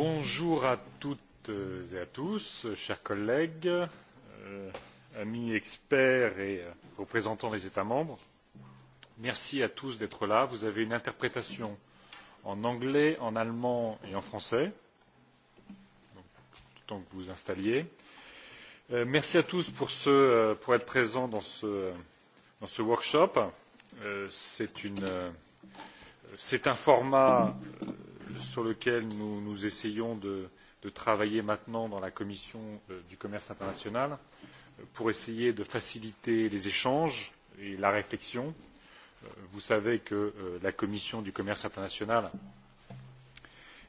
Bonjour à toutes et à tous, chers collègues, euh, amis experts et représentants des États membres. Merci à tous d'être là. Vous avez une interprétation en anglais, en allemand et en français, donc, tout le temps que vous vous installiez. Euh, merci à tous pour, ce, euh, pour être présents dans ce, dans ce workshop. Euh, C'est euh, un format sur lequel nous, nous essayons de, de travailler maintenant dans la commission euh, du commerce international euh, pour essayer de faciliter les échanges et la réflexion. Euh, vous savez que la commission du commerce international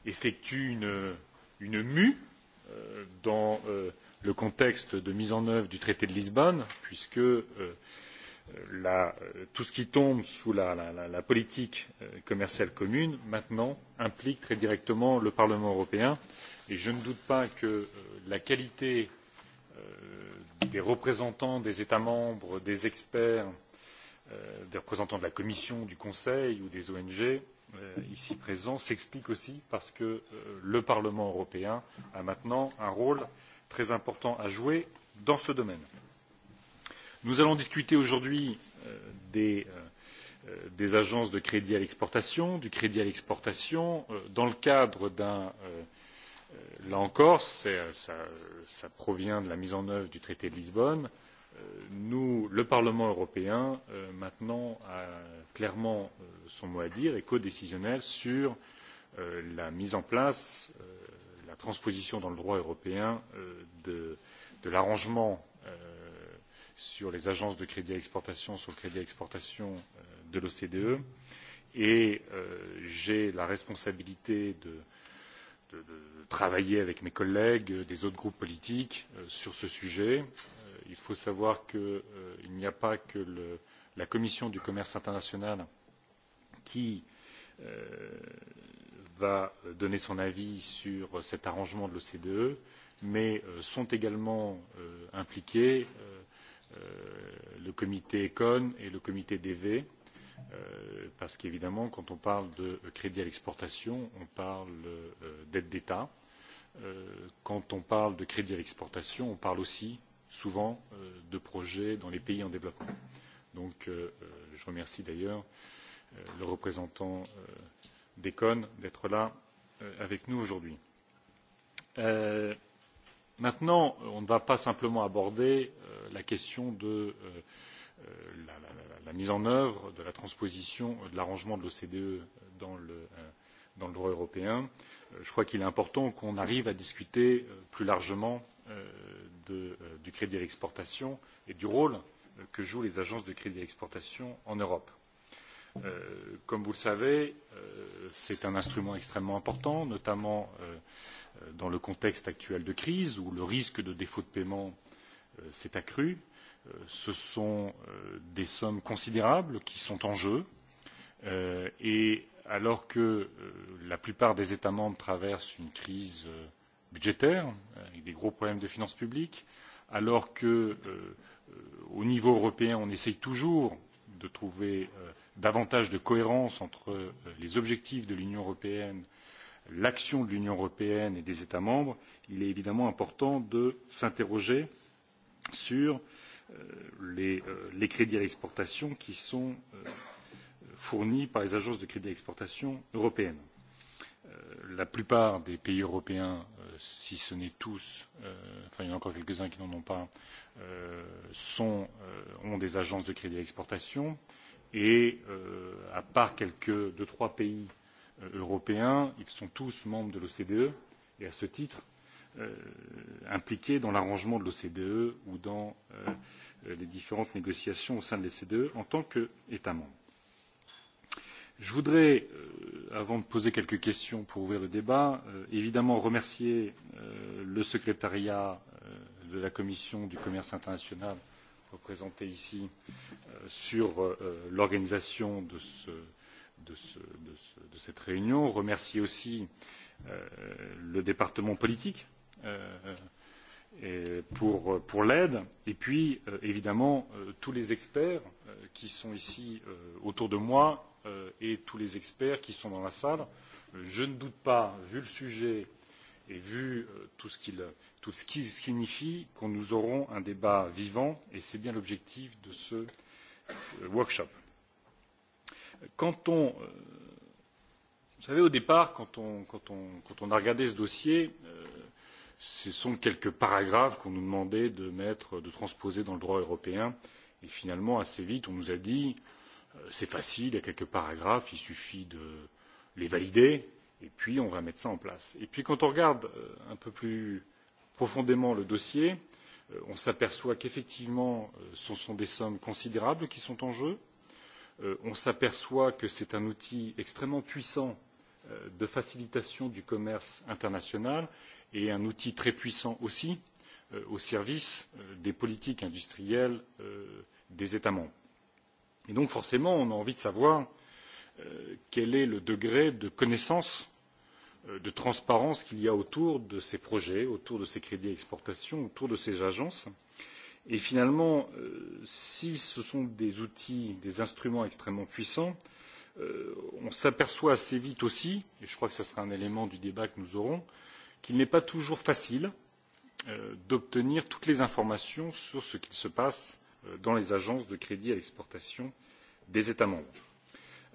effectue une, une mue dans le contexte de mise en œuvre du traité de Lisbonne, puisque la, tout ce qui tombe sous la, la, la politique euh, commerciale commune maintenant implique très directement le parlement européen et je ne doute pas que euh, la qualité euh, des représentants des états membres des experts des représentants de la commission du conseil ou des ong ici présents s'explique aussi parce que le parlement européen a maintenant un rôle très important à jouer dans ce domaine nous allons discuter aujourd'hui euh, des, euh, euh, des agences de crédit à l'exportation du crédit à l'exportation dans le cadre d'un là encore cela provient de la mise en œuvre du traité de lisbonne nous le parlement européen maintenant a clairement son mot à dire et codécisionnel sur la mise en place la transposition dans le droit européen de, de l'arrangement sur les agences de crédit à l'exportation, sur le crédit à l'exportation euh, de l'OCDE. Et euh, j'ai la responsabilité de, de, de travailler avec mes collègues euh, des autres groupes politiques euh, sur ce sujet. Euh, il faut savoir qu'il euh, n'y a pas que le, la Commission du commerce international qui euh, va donner son avis sur cet arrangement de l'OCDE, mais euh, sont également euh, impliqués euh, Euh, le comité econ et le comité dv euh, parce qu'évidemment quand on parle de crédit à l'exportation on parle euh, d'aides d'état quand on parle de crédit à l'exportation on parle aussi souvent de projets dans les pays en développement. donc je remercie d'ailleurs le représentant d'econ d'être là avec nous aujourd'hui maintenant on ne va pas simplement aborder euh, la question de euh, euh, la, mise en œuvre de la transposition de l'arrangement de l'ocde dans le droit européen. je crois qu'il est important qu'on arrive à discuter plus largement du crédit à l'exportation et du rôle que jouent les agences de crédit à l'exportation en europe Euh, comme vous le savez, euh, c'est un instrument extrêmement important, notamment euh, dans le contexte actuel de crise où le risque de défaut de paiement s'est accru. Ce sont des sommes considérables qui sont en jeu et alors que la plupart des États membres traversent une crise budgétaire avec des gros problèmes de finances publiques, alors qu'au niveau européen on essaie toujours de trouver euh, davantage de cohérence entre euh, les objectifs de l'union européenne l'action de l'union européenne et des états membres il est évidemment important de s'interroger sur euh, les, les crédits à l'exportation qui sont fournis par les agences de crédit à l'exportation européennes Euh, la plupart des pays européens euh, si ce n'est tous euh, enfin il y en a encore quelques uns qui n'en ont pas sont, ont des agences de crédit à l'exportation et à part quelques deux trois pays européens ils sont tous membres de l'ocde et à ce titre impliqués dans l'arrangement de l'ocde ou dans les différentes négociations au sein de l'ocde en tant qu'états membres je voudrais euh, avant de poser quelques questions pour ouvrir le débat euh, évidemment remercier euh, le secrétariat de la commission du commerce international représenté ici sur l'organisation de, ce, de, ce, de, ce, de cette réunion remercier aussi le département politique pour, pour l'aide et puis évidemment tous les experts qui sont ici autour de moi Euh, et tous les experts qui sont dans la salle. Euh, je ne doute pas, vu le sujet et vu euh, tout ce qu'il tout ce qui signifie que nous aurons un débat vivant et c'est bien l'objectif de ce workshop. Quand on, vous savez, au départ, quand on, quand on, quand on a regardé ce dossier, ce sont quelques paragraphes qu'on nous demandait de, mettre, de transposer dans le droit européen. Et finalement, assez vite, on nous a dit euh, Euh, c'est facile, il y a quelques paragraphes, il suffit de les valider, et puis on va mettre ça en place. Et puis quand on regarde euh, un peu plus profondément le dossier, euh, on s'aperçoit qu'effectivement, ce sont des sommes considérables qui sont en jeu. On s'aperçoit que c'est un outil extrêmement puissant de facilitation du commerce international et un outil très puissant aussi au service des politiques industrielles des États membres et donc forcément on a envie de savoir euh, quel est le degré de connaissance euh, de transparence qu'il y a autour de ces projets autour de ces crédits d'exportation autour de ces agences et finalement euh, si ce sont des outils des instruments extrêmement puissants on s'aperçoit assez vite aussi et je crois que ce sera un élément du débat que nous aurons qu'il n'est pas toujours facile d'obtenir toutes les informations sur ce qu'il se passe dans les agences de crédit à l'exportation des États membres.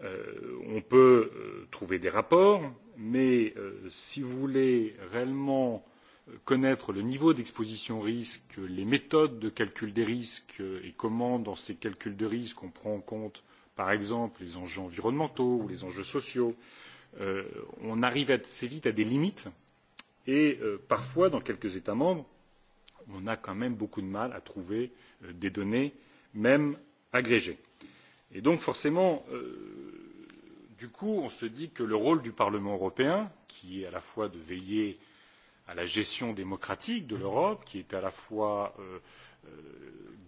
Euh, on peut euh, trouver des rapports, mais euh, si vous voulez réellement euh, connaître le niveau d'exposition risque, les méthodes de calcul des risques euh, et comment, dans ces calculs de risque, on prend en compte, par exemple, les enjeux environnementaux ou les enjeux sociaux, euh, on arrive assez vite à des limites et euh, parfois, dans quelques États membres, on a quand même beaucoup de mal à trouver euh, des données même agrégées. et donc forcément euh, du coup on se dit que le rôle du parlement européen qui est à la fois de veiller à la gestion démocratique de l'europe qui est à la fois euh, euh,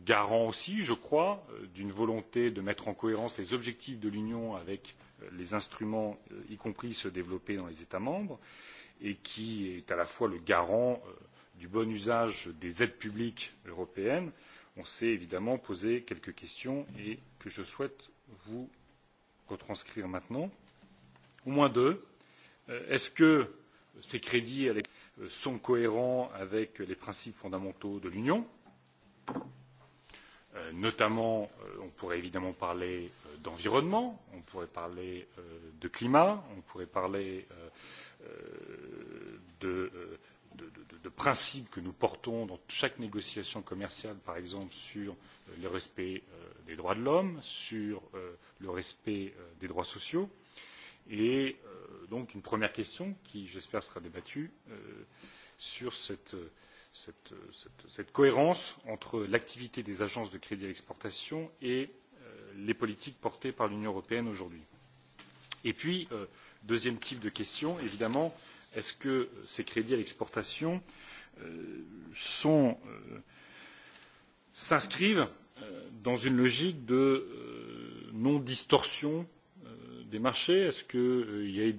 garant aussi je crois d'une volonté de mettre en cohérence les objectifs de l'union avec les instruments y compris ceux développés dans les états membres et qui est à la fois le garant du bon usage des aides publiques européennes on s'est évidemment posé quelques questions et que je souhaite vous retranscrire maintenant. Au moins deux. Euh, est-ce que ces crédits euh, sont cohérents avec les principes fondamentaux de l'Union euh, Notamment, on pourrait évidemment parler d'environnement, on pourrait parler de climat, on pourrait parler de de, de, de principes que nous portons dans chaque négociation commerciale, par exemple sur euh, le respect euh, des droits de l'homme, sur euh, le respect des droits sociaux. Et donc une première question qui, j'espère, sera débattue sur cette, cette, cette, cette cohérence entre l'activité des agences de crédit à l'exportation et les politiques portées par l'Union européenne aujourd'hui. Et puis, deuxième type de question, évidemment, euh, Est-ce que ces crédits à l'exportation euh, euh, s'inscrivent euh, dans une logique de non distorsion des marchés Est-ce qu'il y a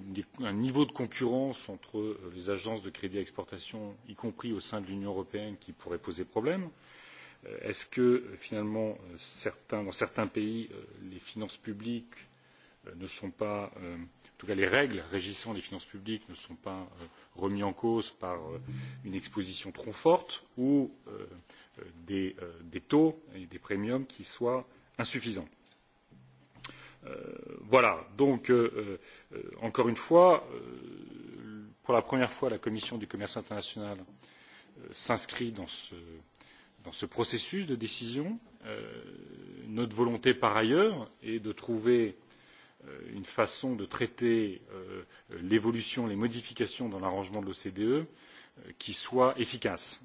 un niveau de concurrence entre les agences de crédit à l'exportation y compris au sein de l'Union européenne, qui pourrait poser problème Est-ce que finalement, certains, dans certains pays, les finances publiques Euh, ne sont pas euh, en tout cas les règles régissant les finances publiques ne sont pas euh, remises en cause par une exposition trop forte ou des, des taux et des premiums qui soient insuffisants. Euh, voilà donc euh, euh, encore une fois pour la première fois la commission du commerce international s'inscrit dans ce, dans ce processus de décision. notre volonté par ailleurs est de trouver Euh, une façon de traiter euh, l'évolution les modifications dans l'arrangement de l'ocde euh, qui soit efficace.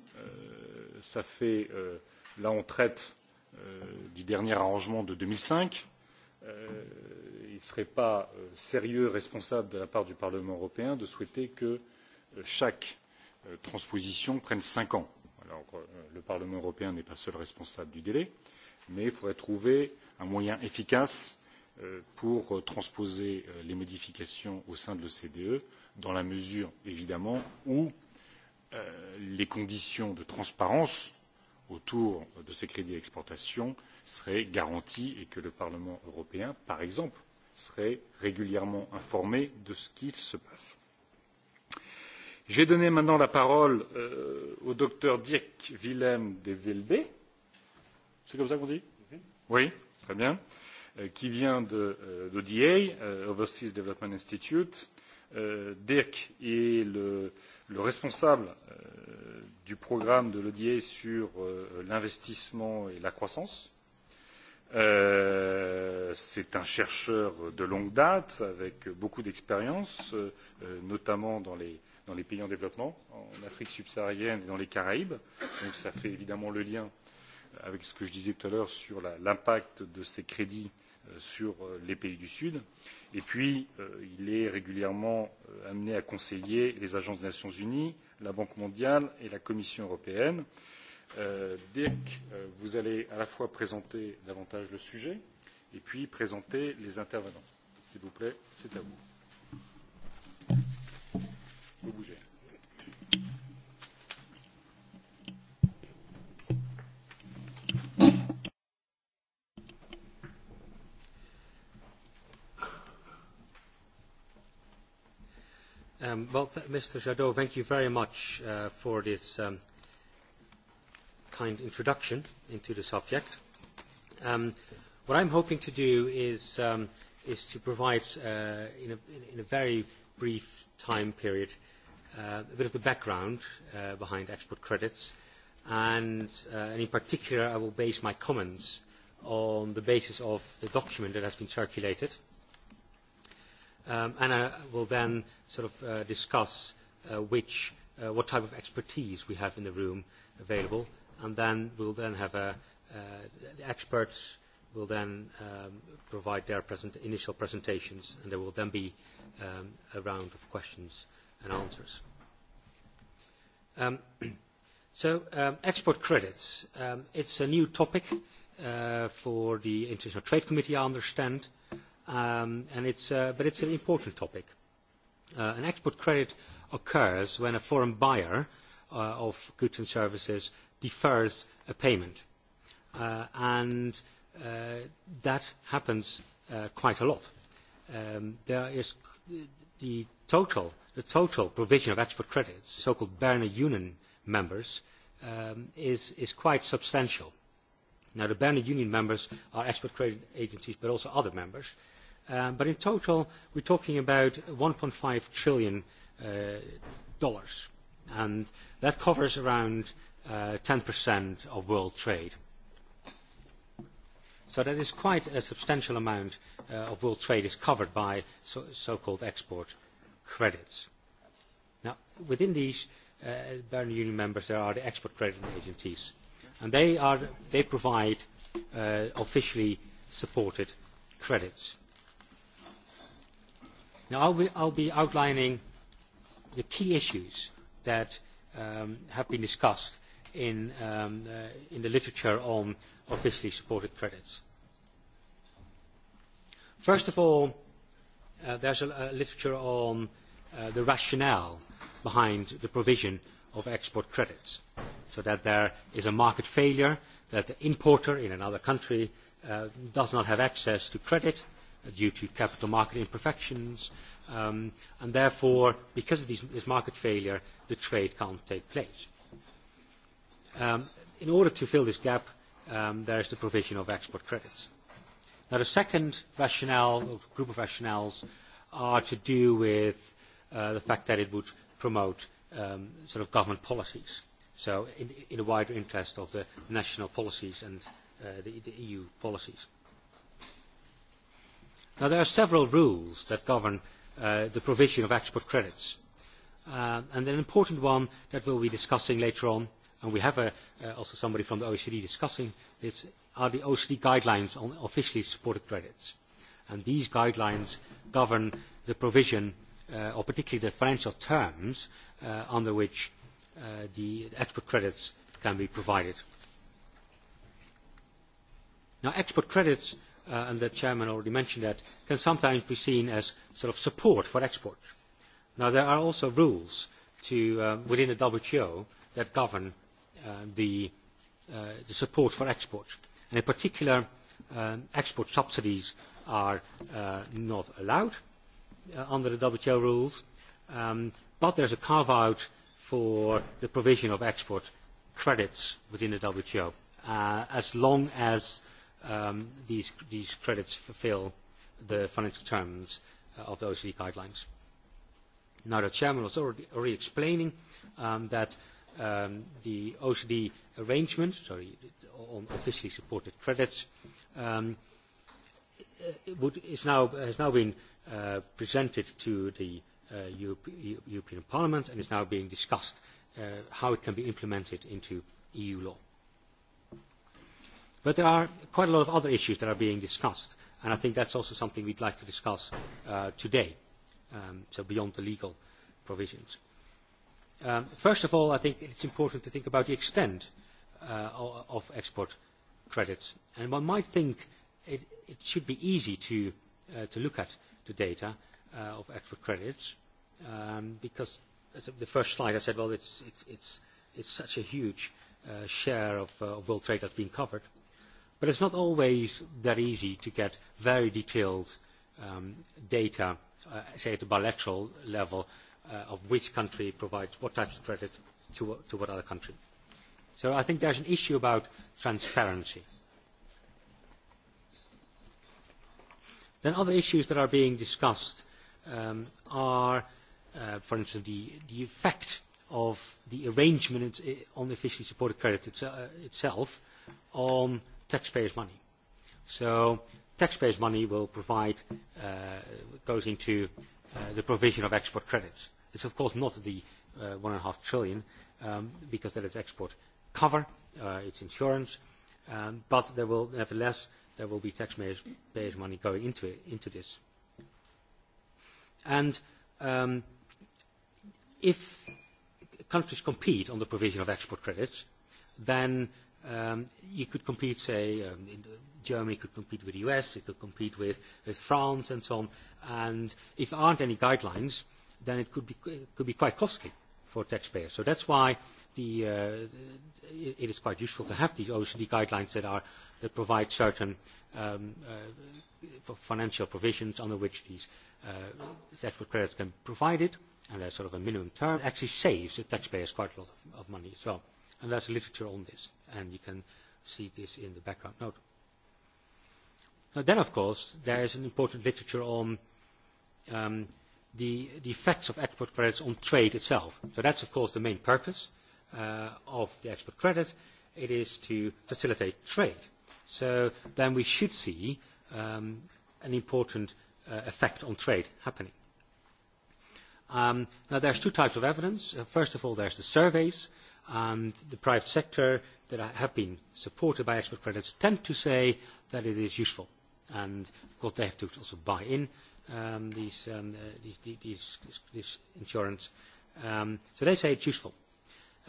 Ça fait, là on traite du dernier arrangement de deux mille cinq il ne serait pas sérieux responsable de la part du parlement européen de souhaiter que chaque transposition prenne cinq ans. Alors, le parlement européen n'est pas seul responsable du délai mais il faudrait trouver un moyen efficace Euh, pour euh, transposer euh, les modifications au sein de l'OCDE, dans la mesure, évidemment, où les conditions de transparence autour de ces crédits d'exportation seraient garanties et que le Parlement européen, par exemple, serait régulièrement informé de ce qui se passe. J'ai donné maintenant la parole au docteur Dirk Willem de velde C'est comme ça qu'on dit mhm. Oui, très bien. Euh, qui vient de l'oda euh, euh, overseas development institute dirk est le, le responsable du programme de l'oda sur l'investissement et la croissance. c'est un chercheur de longue date avec beaucoup d'expérience notamment dans les dans les pays en développement, en Afrique subsaharienne et dans les Caraïbes. Donc ça fait évidemment le lien avec ce que je disais tout à l'heure sur l'impact de ces crédits sur euh, les pays du Sud. Et puis, euh, il est régulièrement euh, amené à conseiller les agences des Nations Unies, la Banque mondiale et la Commission européenne. Dirk, vous allez à la fois présenter davantage le sujet et puis présenter les intervenants. S'il vous plaît, c'est à vous. Vous bougez. Um, well, th Mr. Jadot, thank you very much uh, for this um, kind introduction into the subject. Um, what I'm hoping to do is, um, is to provide, uh, in, a, in a very brief time period, uh, a bit of the background uh, behind export credits, and, uh, and in particular, I will base my comments on the basis of the document that has been circulated Um, Anna will then sort of uh, discuss uh, which, uh, what type of expertise we have in the room available, and then we'll then have a, uh, the experts will then um, provide their present, initial presentations, and there will then be um, a round of questions and answers. Um, so, um, export credits. Um, it's a new topic uh, for the International Trade Committee, I understand. Uh, Um, and it's, uh, but it's an important topic. Uh, an export credit occurs when a foreign buyer uh, of goods and services defers a payment. Uh, and uh, that happens uh, quite a lot. Um, there is the total, the total provision of export credits, so-called Berner Union members, um, is, is quite substantial. Now, the Berner Union members are export credit agencies, but also other members. Uh, Um, but in total, we are talking about $1.5 trillion, uh, and that covers around uh, of world trade. So that is quite a substantial amount uh, of world trade is covered by so-called so export credits. Now, within these uh, Bern Union members, there are the export credit agencies, and they, are, they provide uh, officially supported credits Now, I'll be, I'll be outlining the key issues that um, have been discussed in, um, uh, in the literature on officially supported credits. First of all, uh, there's a, a literature on uh, the rationale behind the provision of export credits, so that there is a market failure, that the importer in another country uh, does not have access to credit, due to capital market imperfections, um, and therefore, because of these, this market failure, the trade can't take place. Um, in order to fill this gap, um, there is the provision of export credits. Now, the second rationale, or group of rationales, are to do with uh, the fact that it would promote um, sort of government policies. So, in, in the wider interest of the national policies and uh, the, the EU policies. Now, there are several rules that govern uh, the provision of export credits. Uh, and an important one that we will be discussing later on, and we have a, uh, also somebody from the OECD discussing this, are the OECD guidelines on officially supported credits. And these guidelines govern the provision, uh, or particularly the financial terms uh, under which uh, the export credits can be provided. Now, export credits Uh, and the chairman already mentioned that, can sometimes be seen as sort of support for export. Now there are also rules to, uh, within the WTO that govern uh, the, uh, the support for export. And in particular, um, export subsidies are uh, not allowed uh, under the WTO rules, um, but there is a carve-out for the provision of export credits within the WTO, uh, as long as uh, um, these, these credits fulfil the financial terms uh, of the OECD guidelines. Now, the chairman was already, already explaining um, that um, the OECD arrangement, sorry, on officially supported credits, um, uh, would, is now, has now been uh, presented to the uh, Europe, European Parliament and is now being discussed uh, how it can be implemented into EU law But there are quite a lot of other issues that are being discussed, and I think that's also something we'd like to discuss uh, today, um, so beyond the legal provisions. Um, first of all, I think it's important to think about the extent uh, of export credits. And one might think it, it should be easy to, uh, to look at the data uh, of export credits, um, because the first slide I said, well, it's, it's, it's, it's such a huge uh, share of, uh, of world trade that's been covered but it's not always that easy to get very detailed um, data, uh, say at a bilateral level, uh, of which country provides what types of credit to, to what other country. So I think there's an issue about transparency. Then other issues that are being discussed um, are, uh, for instance, the, the effect of the arrangement uh, on officially supported credit it's, uh, itself on taxpayers' money. So taxpayers' money will provide, uh, goes into uh, the provision of export credits. It's of course not the uh, one and a half trillion um, because that is export cover, uh, it's insurance, um, but there will nevertheless there will be taxpayers' money going into, it, into this. And um, if countries compete on the provision of export credits, then uh, um, you could compete, say, um, in, Germany could compete with the US, it could compete with, with France and so on. And if there aren't any guidelines, then it could be, it could be quite costly for taxpayers. So that's why the, uh, it is quite useful to have these OECD guidelines that, are, that provide certain um, uh, financial provisions under which these uh, export credits can be provided, and there's sort of a minimum term. It actually saves the taxpayers quite a lot of, of money as well. And there's literature on this, and you can see this in the background note. Now then, of course, there is an important literature on um, the, the effects of export credits on trade itself. So that's, of course, the main purpose uh, of the export credit. It is to facilitate trade. So then we should see um, an important uh, effect on trade happening. Um, now, there's two types of evidence. Uh, first of all, there's the surveys. Uh, and the private sector that have been supported by export credits tend to say that it is useful. And of course, they have to also buy in um, these, um, uh, these, these, these insurance. Um, so they say it's useful.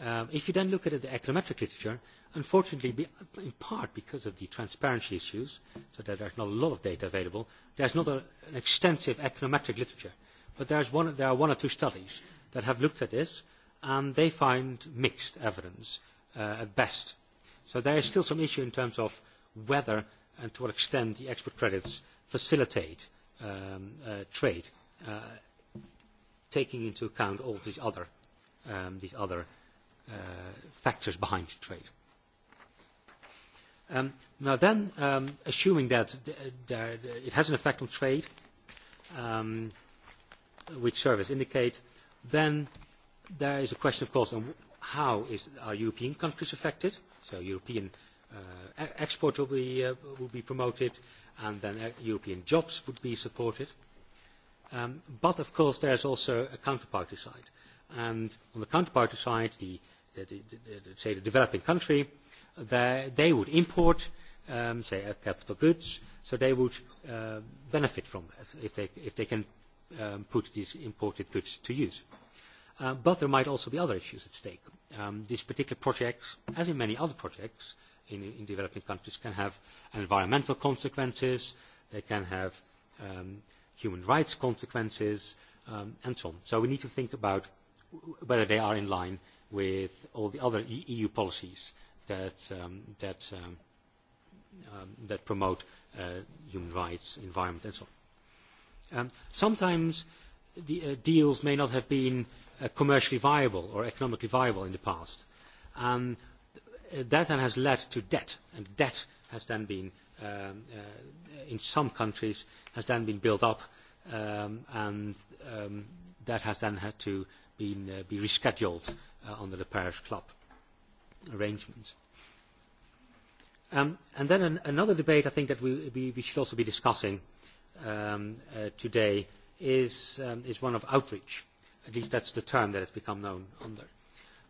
Um, if you then look at the econometric literature, unfortunately, in part because of the transparency issues, so that there's not a lot of data available, there's not a, an extensive econometric literature. But there's one, there are one or two studies that have looked at this and they find mixed evidence uh, at best. So there is still some issue in terms of whether and to what extent the export credits facilitate um, uh, trade, uh, taking into account all these other, um, these other uh, factors behind trade. Um, now then, um, assuming that it has an effect on trade, um, which surveys indicate, then there is a question, of course, on how is, are European countries affected. So European uh, e, export will be, uh, will be promoted, and then uh, European jobs would be supported. Um, but, of course, there is also a counterparty side. And on the counterparty side, the, the, the, the, the say the developing country, they would import, um, say, capital goods, so they would uh, benefit from that if they, if they can um, put these imported goods to use. Uh, Uh, but there might also be other issues at stake. Um, these particular projects, as in many other projects in, in developing countries, can have environmental consequences, they can have um, human rights consequences, um, and so on. So we need to think about whether they are in line with all the other EU e policies that, um, that, um, um, that promote uh, human rights, environment, and so on. Um, sometimes the uh, deals may not have been Uh, commercially viable or economically viable in the past. Um, that then has led to debt, and debt has then been, um, uh, in some countries, has then been built up, um, and um, that has then had to been, uh, be rescheduled uh, under the Paris Club arrangement. Um, and then an, another debate I think that we, we, we should also be discussing um, uh, today is, um, is one of outreach At least that's the term that it's become known under.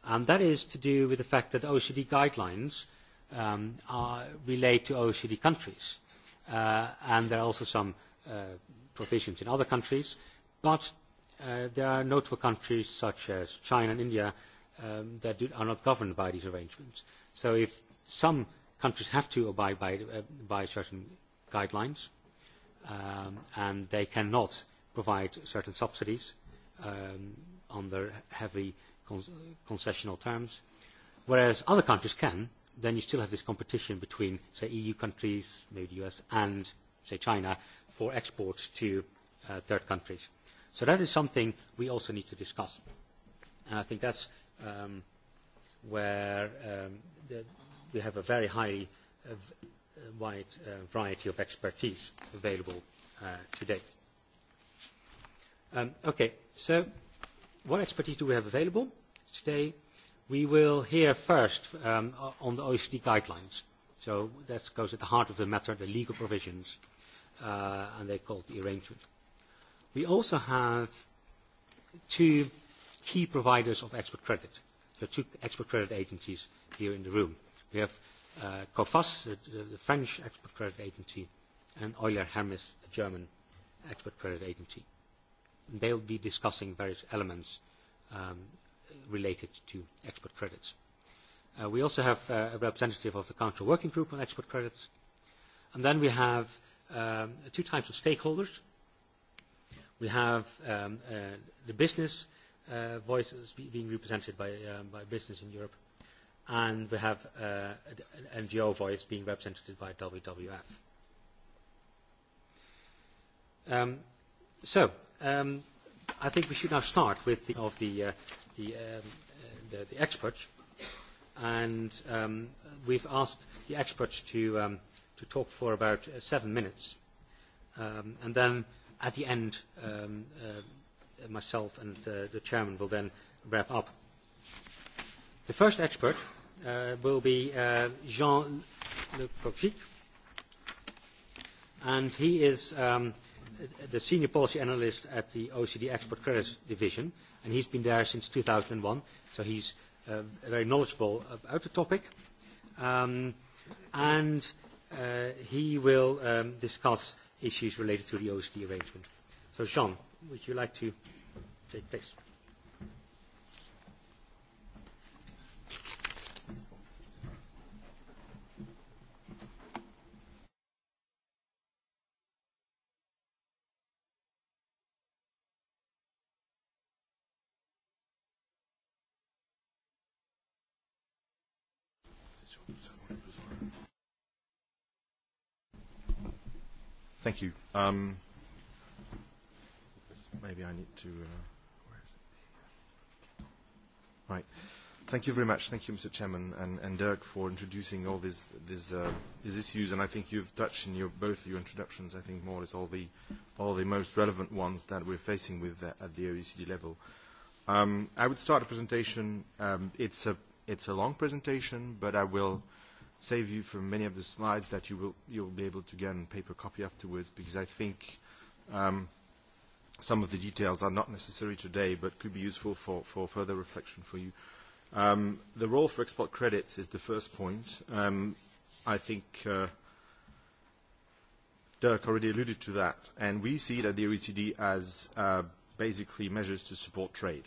And that is to do with the fact that OECD guidelines um, are, relate to OECD countries. Uh, and there are also some uh, provisions in other countries, but uh, there are notable countries such as China and India um, that do, are not governed by these arrangements. So if some countries have to abide by, uh, by certain guidelines, um, and they cannot provide certain subsidies, um, under heavy con concessional terms. Whereas other countries can, then you still have this competition between, say, EU countries, maybe the US, and, say, China for exports to uh, third countries. So that is something we also need to discuss. And I think that's um, where um, the, we have a very highly uh, uh, wide uh, variety of expertise available uh, today. Um, okay, so what expertise do we have available today? We will hear first um, on the OECD guidelines. So that goes at the heart of the matter, the legal provisions, uh, and they call the arrangement. We also have two key providers of expert credit, the so two expert credit agencies here in the room. We have uh, COFAS, the, the French expert credit agency, and Euler Hermes, the German expert credit agency they will be discussing various elements um, related to export credits. Uh, we also have uh, a representative of the Council Working Group on Export Credits. And then we have um, two types of stakeholders. We have um, uh, the business uh, voices being represented by, um, by business in Europe, and we have uh, an NGO voice being represented by WWF. Um, So, um, I think we should now start with the, of the, uh, the, um, uh, the, the experts. And um, we've asked the experts to, um, to talk for about uh, seven minutes. Um, and then at the end, um, uh, myself and uh, the chairman will then wrap up. The first expert uh, will be uh, Jean Le Croxic, and he is um, Uh, the senior policy analyst at the OECD Export Credit Division, and he's been there since 2001, so he's uh, very knowledgeable about the topic. Um, and uh, he will um, discuss issues related to the OECD arrangement. So, Jean, would you like to take place? Thank you. Um, maybe I need to. Uh, where is it? Right. Thank you very much. Thank you, Mr. Chairman and, and Dirk, for introducing all these, these, uh, these issues. And I think you've touched in your, both your introductions, I think, more or less all the, all the most relevant ones that we're facing with at, uh, at the OECD level. Um, I would start a presentation. Um, it's, a, it's a long presentation, but I will. Mm-hmm save you from many of the slides that you will you'll be able to get in paper copy afterwards because I think um, some of the details are not necessary today but could be useful for, for further reflection for you. Um, the role for export credits is the first point. Um, I think uh, Dirk already alluded to that, and we see it at the OECD as uh, basically measures to support trade.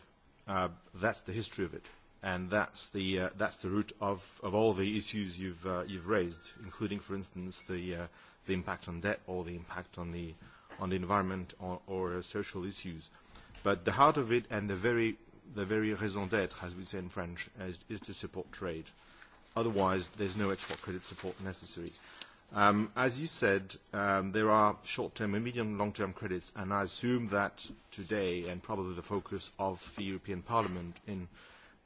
Uh, that's the history of it and that's the, uh, that's the root of, of all the issues you've, uh, you've raised, including, for instance, the, uh, the impact on debt or the impact on the, on the environment or, or uh, social issues. But the heart of it and the very, the very raison d'être, as we say in French, is, is to support trade. Otherwise, there's no export credit support necessary. Um, as you said, um, there are short-term and medium long-term credits, and I assume that today, and probably the focus of the European Parliament in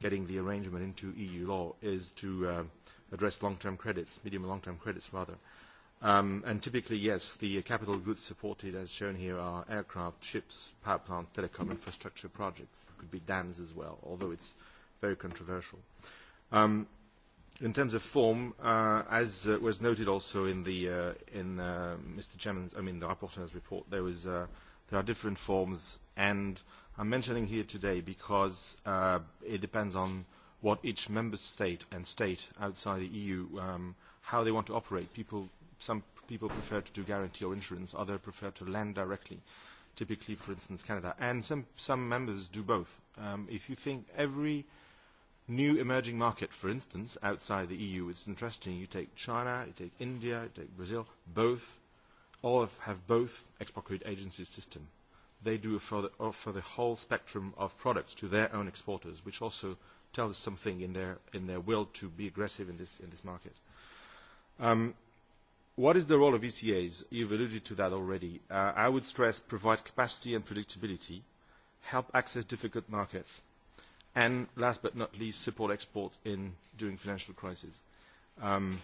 getting the arrangement into EU law is to uh, address long-term credits, medium and long-term credits rather. Um, and typically, yes, the capital goods supported, as shown here, are aircraft, ships, power plants, telecom infrastructure projects. It could be dams as well, although it's very controversial. Um, in terms of form, uh, as uh, was noted also in the uh, in uh, Mr. Chairman's, I mean the rapporteur's report, there was uh, there are different forms and I'm mentioning here today because uh, it depends on what each member state and state outside the EU, um, how they want to operate. People, some people prefer to do guarantee or insurance, others prefer to lend directly, typically, for instance, Canada. And some, some members do both. Um, if you think every new emerging market, for instance, outside the EU, it's interesting. You take China, you take India, you take Brazil, both, all have, have both export credit agency system they do for the, uh, offer the whole spectrum of products to their own exporters, which also tells us something in their, in their will to be aggressive in this, in this market. Um, what is the role of ECAs? You've alluded to that already. Uh, I would stress provide capacity and predictability, help access difficult markets, and last but not least, support exports in, during financial crises. Um,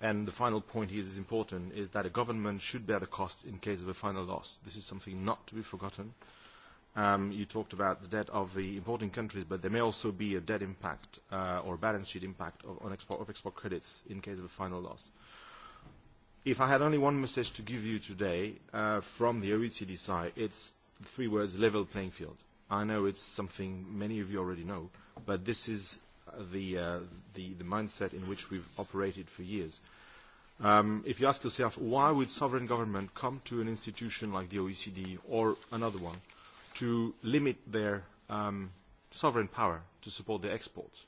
And the final point here is important, is that a government should bear the cost in case of a final loss. This is something not to be forgotten. Um, you talked about the debt of the importing countries, but there may also be a debt impact uh, or balance sheet impact of, on export, of export credits in case of a final loss. If I had only one message to give you today uh, from the OECD side, it's three words, level playing field. I know it's something many of you already know, but this is the, uh, the, the mindset in which we've operated for years. Um, if you ask yourself, why would sovereign government come to an institution like the OECD or another one to limit their um, sovereign power to support their exports?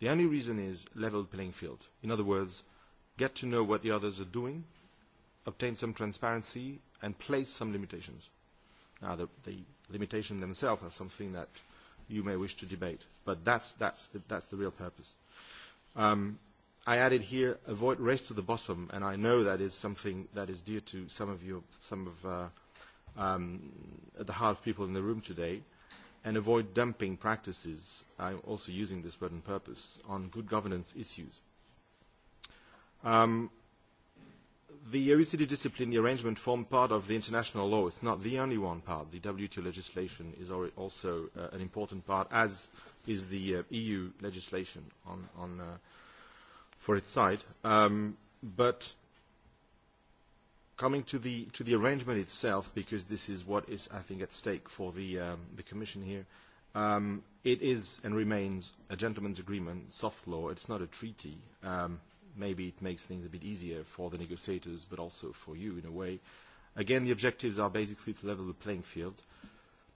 The only reason is level playing field. In other words, get to know what the others are doing, obtain some transparency, and place some limitations. Now, the, the limitation themselves are something that you may wish to debate. But that's, that's, the, that's the real purpose. Um, I added here, avoid race to the bottom, and I know that is something that is dear to some of you, some of uh, um, the heart of people in the room today, and avoid dumping practices, I'm also using this word on purpose, on good governance issues. Um, The OECD discipline, the arrangement form part of the international law. It's not the only one part. The WTO legislation is also uh, an important part, as is the uh, EU legislation on, on, uh, for its side. Um, but coming to the, to the arrangement itself, because this is what is, I think, at stake for the, um, the Commission here, um, it is and remains a gentleman's agreement, soft law. It's not a treaty. Um, maybe it makes things a bit easier for the negotiators, but also for you in a way. Again, the objectives are basically to level the playing field,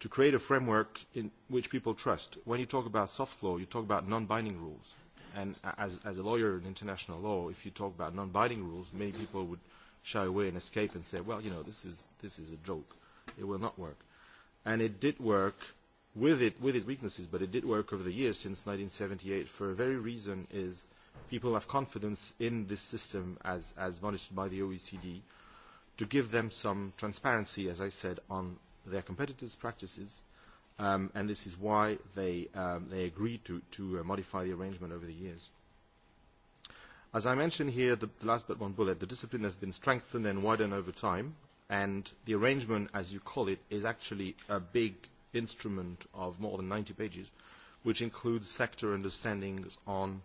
to create a framework in which people trust. When you talk about soft law, you talk about non-binding rules. And as, as a lawyer in international law, if you talk about non-binding rules, many people would shy away and escape and say, well, you know, this is, this is a joke. It will not work. And it did work with it, with its weaknesses, but it did work over the years since 1978 for a very reason is people have confidence in this system as, as monitored by the OECD, to give them some transparency, as I said, on their competitors' practices, um, and this is why they, um, they agreed to, to uh, modify the arrangement over the years. As I mentioned here, the, the last but one bullet, the discipline has been strengthened and widened over time, and the arrangement, as you call it, is actually a big instrument of more than 90 pages, which includes sector understandings on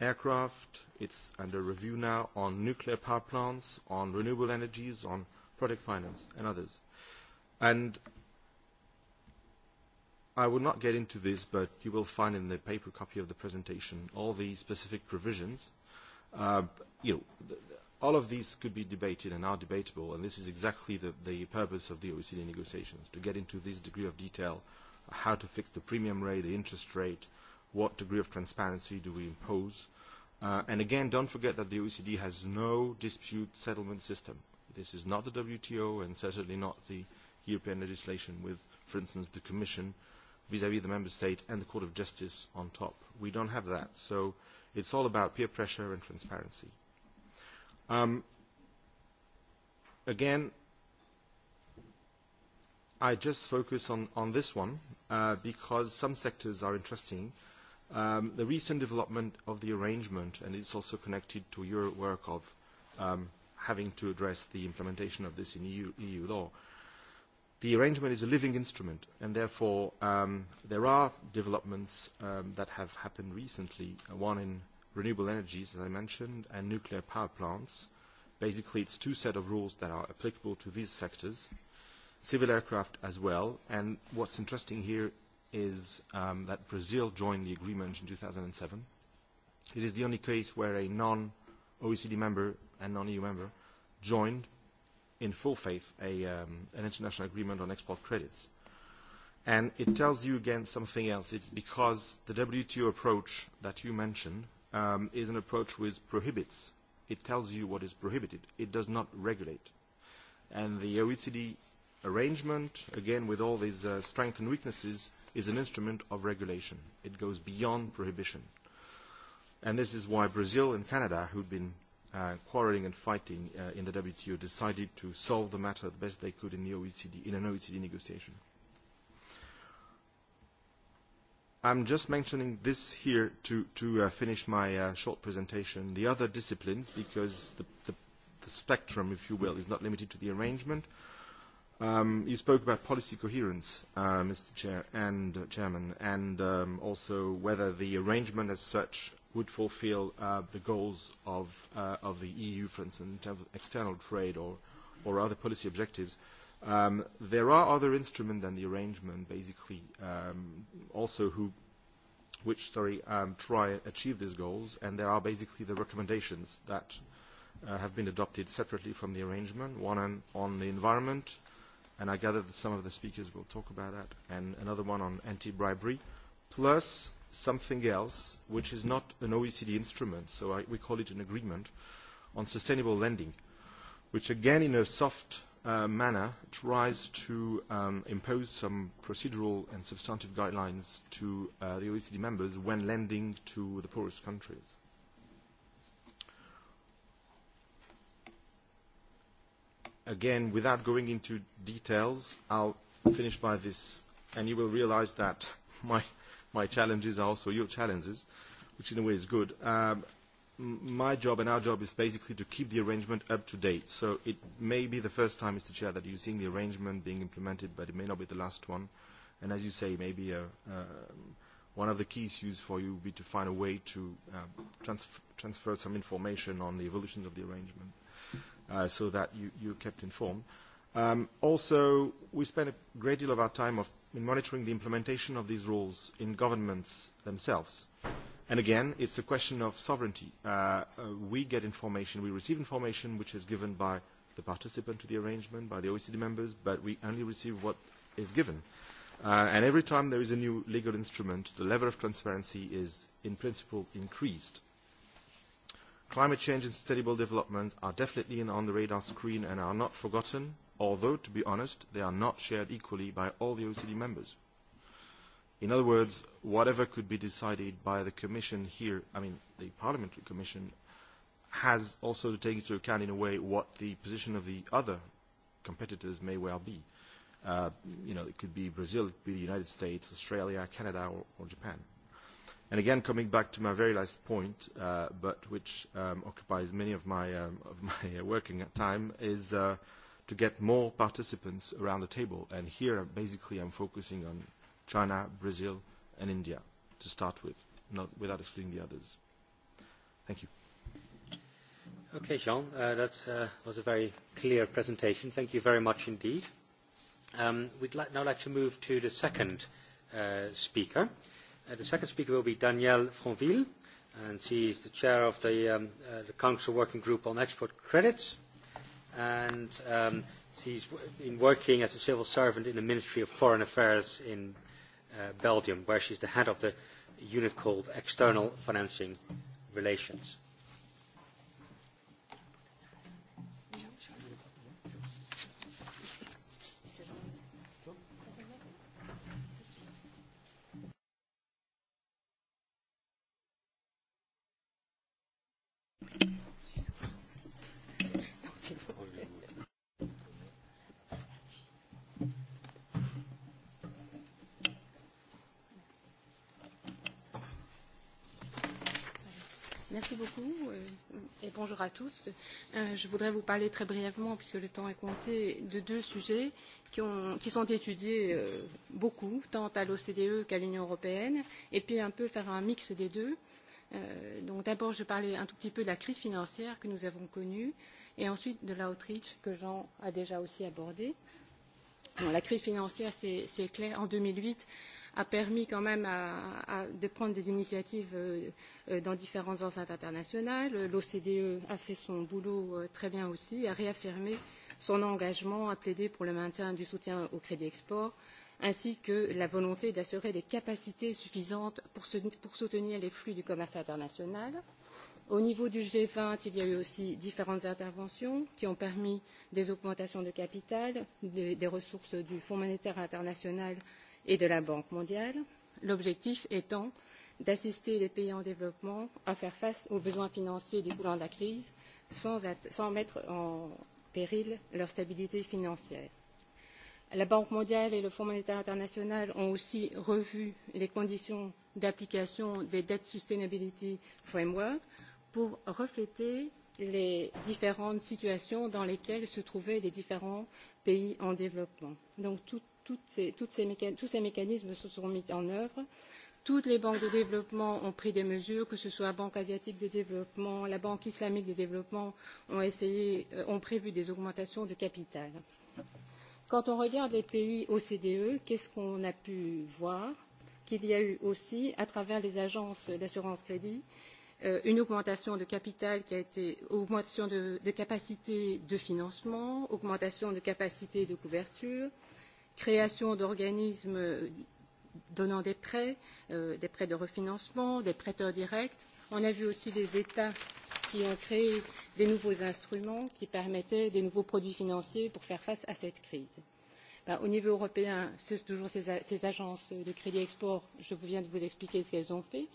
aircraft. It's under review now on nuclear power plants, on renewable energies, on project finance and others. And I will not get into this, but you will find in the paper copy of the presentation all the specific provisions. Uh, you know, all of these could be debated and are debatable, and this is exactly the, the purpose of the OECD negotiations, to get into this degree of detail, how to fix the premium rate, the interest rate, uh, what degree of transparency do we impose? Uh, and again, don't forget that the OECD has no dispute settlement system. This is not the WTO and certainly not the European legislation with, for instance, the Commission vis-à-vis -vis the Member State and the Court of Justice on top. We don't have that. So it's all about peer pressure and transparency. Um, again, I just focus on, on this one uh, because some sectors are interesting Um, the recent development of the arrangement, and it's also connected to your work of um, having to address the implementation of this in EU, EU law, the arrangement is a living instrument, and therefore um, there are developments um, that have happened recently, one in renewable energies, as I mentioned, and nuclear power plants. Basically, it's two set of rules that are applicable to these sectors, civil aircraft as well, and what's interesting here is um, that Brazil joined the agreement in 2007. It is the only case where a non-OECD member and non-EU member joined in full faith a, um, an international agreement on export credits. And it tells you again something else. It's because the WTO approach that you mentioned um, is an approach which prohibits. It tells you what is prohibited. It does not regulate. And the OECD arrangement, again with all these uh, strengths and weaknesses, is an instrument of regulation. It goes beyond prohibition. And this is why Brazil and Canada, who'd been uh, quarreling and fighting uh, in the WTO, decided to solve the matter the best they could in, the OECD, in an OECD negotiation. I'm just mentioning this here to, to uh, finish my uh, short presentation. The other disciplines, because the, the, the spectrum, if you will, is not limited to the arrangement. Uh, Um, you spoke about policy coherence, uh, Mr. Chair and uh, Chairman, and um, also whether the arrangement as such would fulfil uh, the goals of, uh, of the EU, for instance, in terms of external trade or, or other policy objectives. Um, there are other instruments than the arrangement, basically, um, also who, which sorry, um, try achieve these goals, and there are basically the recommendations that uh, have been adopted separately from the arrangement, one on, on the environment, and I gather that some of the speakers will talk about that, and another one on anti-bribery, plus something else, which is not an OECD instrument, so I, we call it an agreement on sustainable lending, which again, in a soft uh, manner, tries to um, impose some procedural and substantive guidelines to uh, the OECD members when lending to the poorest countries. again, without going into details, I'll finish by this, and you will realize that my, my challenges are also your challenges, which in a way is good. Um, my job and our job is basically to keep the arrangement up to date. So it may be the first time, Mr. Chair, that you're seeing the arrangement being implemented, but it may not be the last one. And as you say, maybe a, uh, uh, one of the key issues for you would be to find a way to uh, trans transfer some information on the evolution of the arrangement uh, so that you, you're kept informed. Um, also, we spend a great deal of our time of, in monitoring the implementation of these rules in governments themselves. And again, it's a question of sovereignty. Uh, uh, we get information, we receive information which is given by the participant to the arrangement, by the OECD members, but we only receive what is given. Uh, and every time there is a new legal instrument, the level of transparency is, in principle, increased. Climate change and sustainable development are definitely on the radar screen and are not forgotten, although, to be honest, they are not shared equally by all the OECD members. In other words, whatever could be decided by the Commission here, I mean the Parliamentary Commission, has also to take into account in a way what the position of the other competitors may well be. Uh, you know, it could be Brazil, it could be the United States, Australia, Canada, or, or Japan. And again, coming back to my very last point, uh, but which um, occupies many of my, um, of my uh, working time, is uh, to get more participants around the table. And here, basically, I'm focusing on China, Brazil, and India to start with, not without excluding the others. Thank you. Okay, Jean, uh, that uh, was a very clear presentation. Thank you very much indeed. Um, we'd li now like to move to the second uh, speaker. Uh, the second speaker will be Danielle Fonville, and she is the chair of the, um, uh, the Council Working Group on Export Credits. And um, she's been working as a civil servant in the Ministry of Foreign Affairs in uh, Belgium, where she's the head of the unit called External Financing Relations. bonjour à tous. Euh, je voudrais vous parler très brièvement, puisque le temps est compté, de deux sujets qui, ont, qui sont étudiés euh, beaucoup, tant à l'OCDE qu'à l'Union européenne, et puis un peu faire un mix des deux. Euh, donc d'abord, je parlais un tout petit peu de la crise financière que nous avons connue, et ensuite de l'outreach que Jean a déjà aussi abordé. Bon, la crise financière, c'est clair, en 2008, a permis quand même à, à, de prendre des initiatives euh, euh dans différentes enceintes internationales. L'OCDE a fait son boulot euh, très bien aussi, a réaffirmé son engagement à plaider pour le maintien du soutien au crédit export, ainsi que la volonté d'assurer des capacités suffisantes pour, se, pour soutenir les flux du commerce international. Au niveau du G20, il y a eu aussi différentes interventions qui ont permis des augmentations de capital, des, des ressources du Fonds monétaire international euh, et de la Banque mondiale, l'objectif étant d'assister les pays en développement à faire face aux besoins financiers découlant de la crise sans, mettre en péril leur stabilité financière. La Banque mondiale et le Fonds monétaire international ont aussi revu les conditions d'application des Debt Sustainability Framework pour refléter les différentes situations dans lesquelles se trouvaient les différents pays en développement. Donc toutes ces, toutes ces tous ces mécanismes se sont mis en œuvre. Toutes les banques de développement ont pris des mesures, que ce soit la Banque asiatique de développement, la Banque islamique de développement, ont, essayé, euh, ont prévu des augmentations de capital. Quand on regarde les pays OCDE, qu'est-ce qu'on a pu voir Qu'il y a eu aussi, à travers les agences d'assurance crédit, euh, une augmentation de capital qui a été augmentation de, de capacité de financement, augmentation de capacité de couverture, euh, création d'organismes donnant des prêts, euh, des prêts de refinancement, des prêteurs directs. On a vu aussi des États qui ont créé des nouveaux instruments qui permettaient des nouveaux produits financiers pour faire face à cette crise. Ben, au niveau européen, c'est toujours ces, ces agences de crédit export, je viens de vous expliquer ce qu'elles ont fait.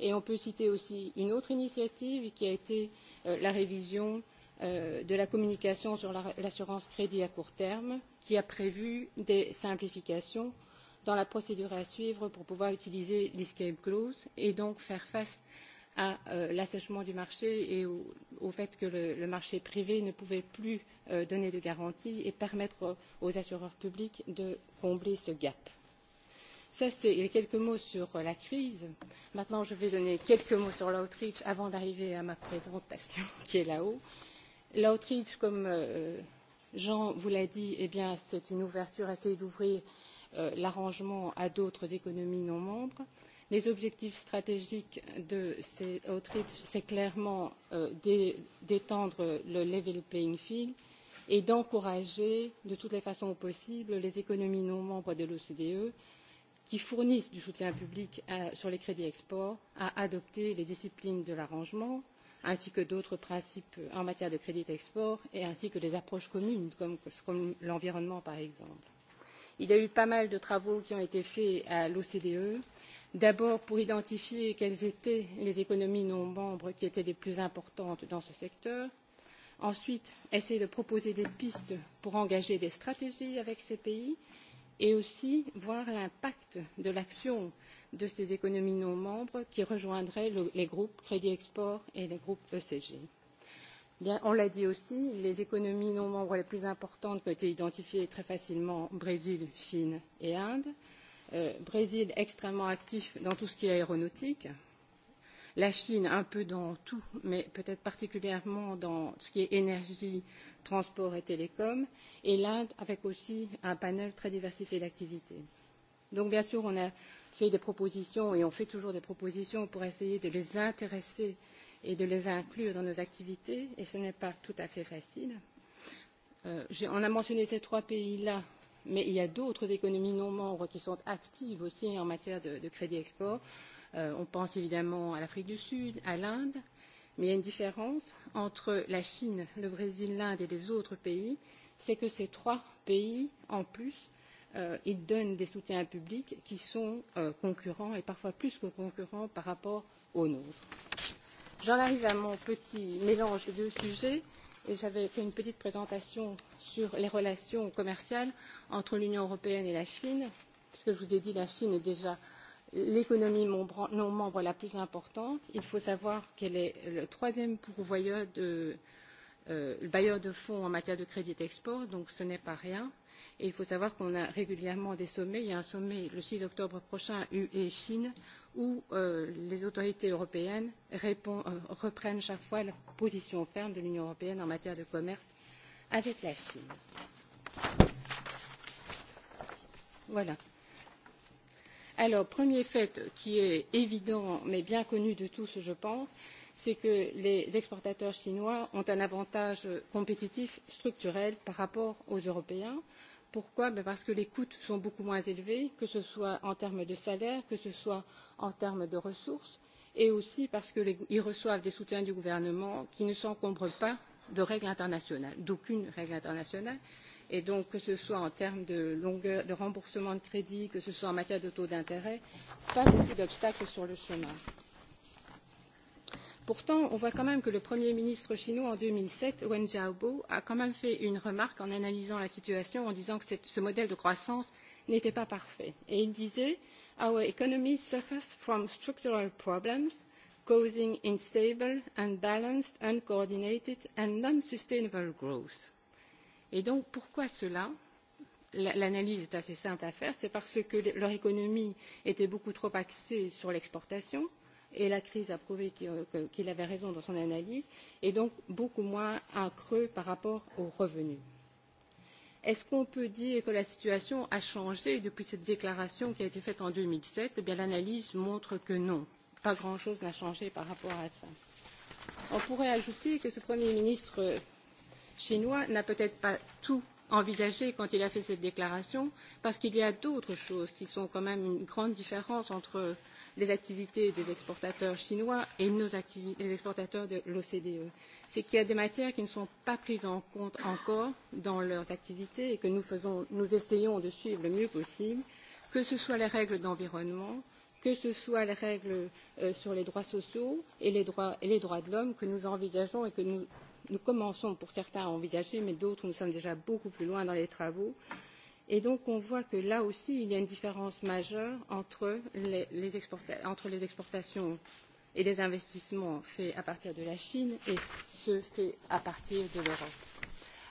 Et on peut citer aussi une autre initiative qui a été euh, la révision euh, Euh, de la communication sur l'assurance crédit à court terme, qui a prévu des simplifications dans la procédure à suivre pour pouvoir utiliser l'escape clause et donc faire face à euh, l'assèchement du marché et au, fait que le, marché privé ne pouvait plus euh, donner de garanties et permettre aux assureurs publics de combler ce gap. Ça, c'est les quelques mots sur la crise. Maintenant, je vais donner quelques mots sur l'outreach avant d'arriver à ma présentation qui est là-haut. Euh, l'outreach comme euh, jean vous l'a dit eh c'est une ouverture essayer d'ouvrir euh, l'arrangement à d'autres économies non membres. les objectifs stratégiques de cet outreach c'est clairement euh, d'étendre le level playing field et d'encourager de toutes les façons possibles les économies non membres de l'ocde qui fournissent du soutien public sur les crédits d'export à adopter les disciplines de l'arrangement ainsi que d'autres principes en matière de crédit export et ainsi que des approches communes comme, l'environnement par exemple. Il y a eu pas mal de travaux qui ont été faits à l'OCDE, d'abord pour identifier quelles étaient les économies non membres qui étaient les plus importantes dans ce secteur, ensuite essayer de proposer des pistes pour engager des stratégies avec ces pays et aussi voir l'impact de l'action euh, de ces économies non membres qui rejoindraient le, les groupes Crédit Export et les groupes ECG. Bien, on l'a dit aussi, les économies non membres les plus importantes ont été identifiées très facilement Brésil, Chine et Inde. Euh, Brésil extrêmement actif dans tout ce qui est aéronautique. La Chine un peu dans tout, mais peut-être particulièrement dans ce qui est énergie, transport et télécom. Et l'Inde avec aussi un panel très diversifié d'activités. Donc bien sûr, on a fait des propositions et on fait toujours des propositions pour essayer de les intéresser et de les inclure dans nos activités et ce n'est pas tout à fait facile. Euh, on a mentionné ces trois pays-là, mais il y a d'autres économies non membres qui sont actives aussi en matière de, de crédit export. Euh, on pense évidemment à l'Afrique du Sud, à l'Inde, mais il y a une différence entre la Chine, le Brésil, l'Inde et les autres pays, c'est que ces trois pays, en plus, euh, euh, ils donnent des soutiens publics qui sont euh, concurrents et parfois plus que concurrents par rapport aux nôtres. J'en arrive à mon petit mélange de deux sujets et j'avais fait une petite présentation sur les relations commerciales entre l'Union européenne et la Chine, puisque je vous ai dit la Chine est déjà l'économie non membre la plus importante. Il faut savoir qu'elle est le troisième pourvoyeur de, euh, bailleur de fonds en matière de crédit export, donc ce n'est pas rien. Et il faut savoir qu'on a régulièrement des sommets. Il y a un sommet le 6 octobre prochain, UE Chine, où euh, les autorités européennes répond, euh, reprennent chaque fois la position ferme de l'Union européenne en matière de commerce avec la Chine. Voilà. Alors, premier fait qui est évident, mais bien connu de tous, je pense, c'est que les exportateurs chinois ont un avantage compétitif structurel par rapport aux Européens. Pourquoi ben Parce que les coûts sont beaucoup moins élevés, que ce soit en termes de salaire, que ce soit en termes de ressources, et aussi parce qu'ils reçoivent des soutiens du gouvernement qui ne s'encombrent pas de règles internationales, d'aucune règle internationale. Et donc, que ce soit en termes de longueur, de remboursement de crédit, que ce soit en matière de taux d'intérêt, pas beaucoup d'obstacles sur le chemin. Pourtant, on voit quand même que le Premier ministre chinois en 2007, Wen Jiabo, a quand même fait une remarque en analysant la situation en disant que ce modèle de croissance n'était pas parfait. Et il disait Our economy suffers from structural problems causing unstable, unbalanced, uncoordinated and non-sustainable growth. Et donc, pourquoi cela L'analyse est assez simple à faire, c'est parce que leur économie était beaucoup trop axée sur l'exportation, et la crise a prouvé qu'il avait raison dans son analyse et donc beaucoup moins un creux par rapport aux revenus. Est ce qu'on peut dire que la situation a changé depuis cette déclaration qui a été faite en deux mille sept? Eh l'analyse montre que non, pas grand chose n'a changé par rapport à ça. On pourrait ajouter que ce Premier ministre chinois n'a peut être pas tout envisagé quand il a fait cette déclaration, parce qu'il y a d'autres choses qui sont quand même une grande différence entre les activités des exportateurs chinois et nos les exportateurs de l'OCDE. C'est qu'il y a des matières qui ne sont pas prises en compte encore dans leurs activités et que nous, faisons, nous essayons de suivre le mieux possible, que ce soit les règles d'environnement, que ce soit les règles euh, sur les droits sociaux et les droits, et les droits de l'homme que nous envisageons et que nous, nous commençons pour certains à envisager, mais d'autres nous sommes déjà beaucoup plus loin dans les travaux Et donc, on voit que là aussi, il y a une différence majeure entre les, les, exporta entre les exportations et les investissements faits à partir de la Chine et ceux faits à partir de l'Europe.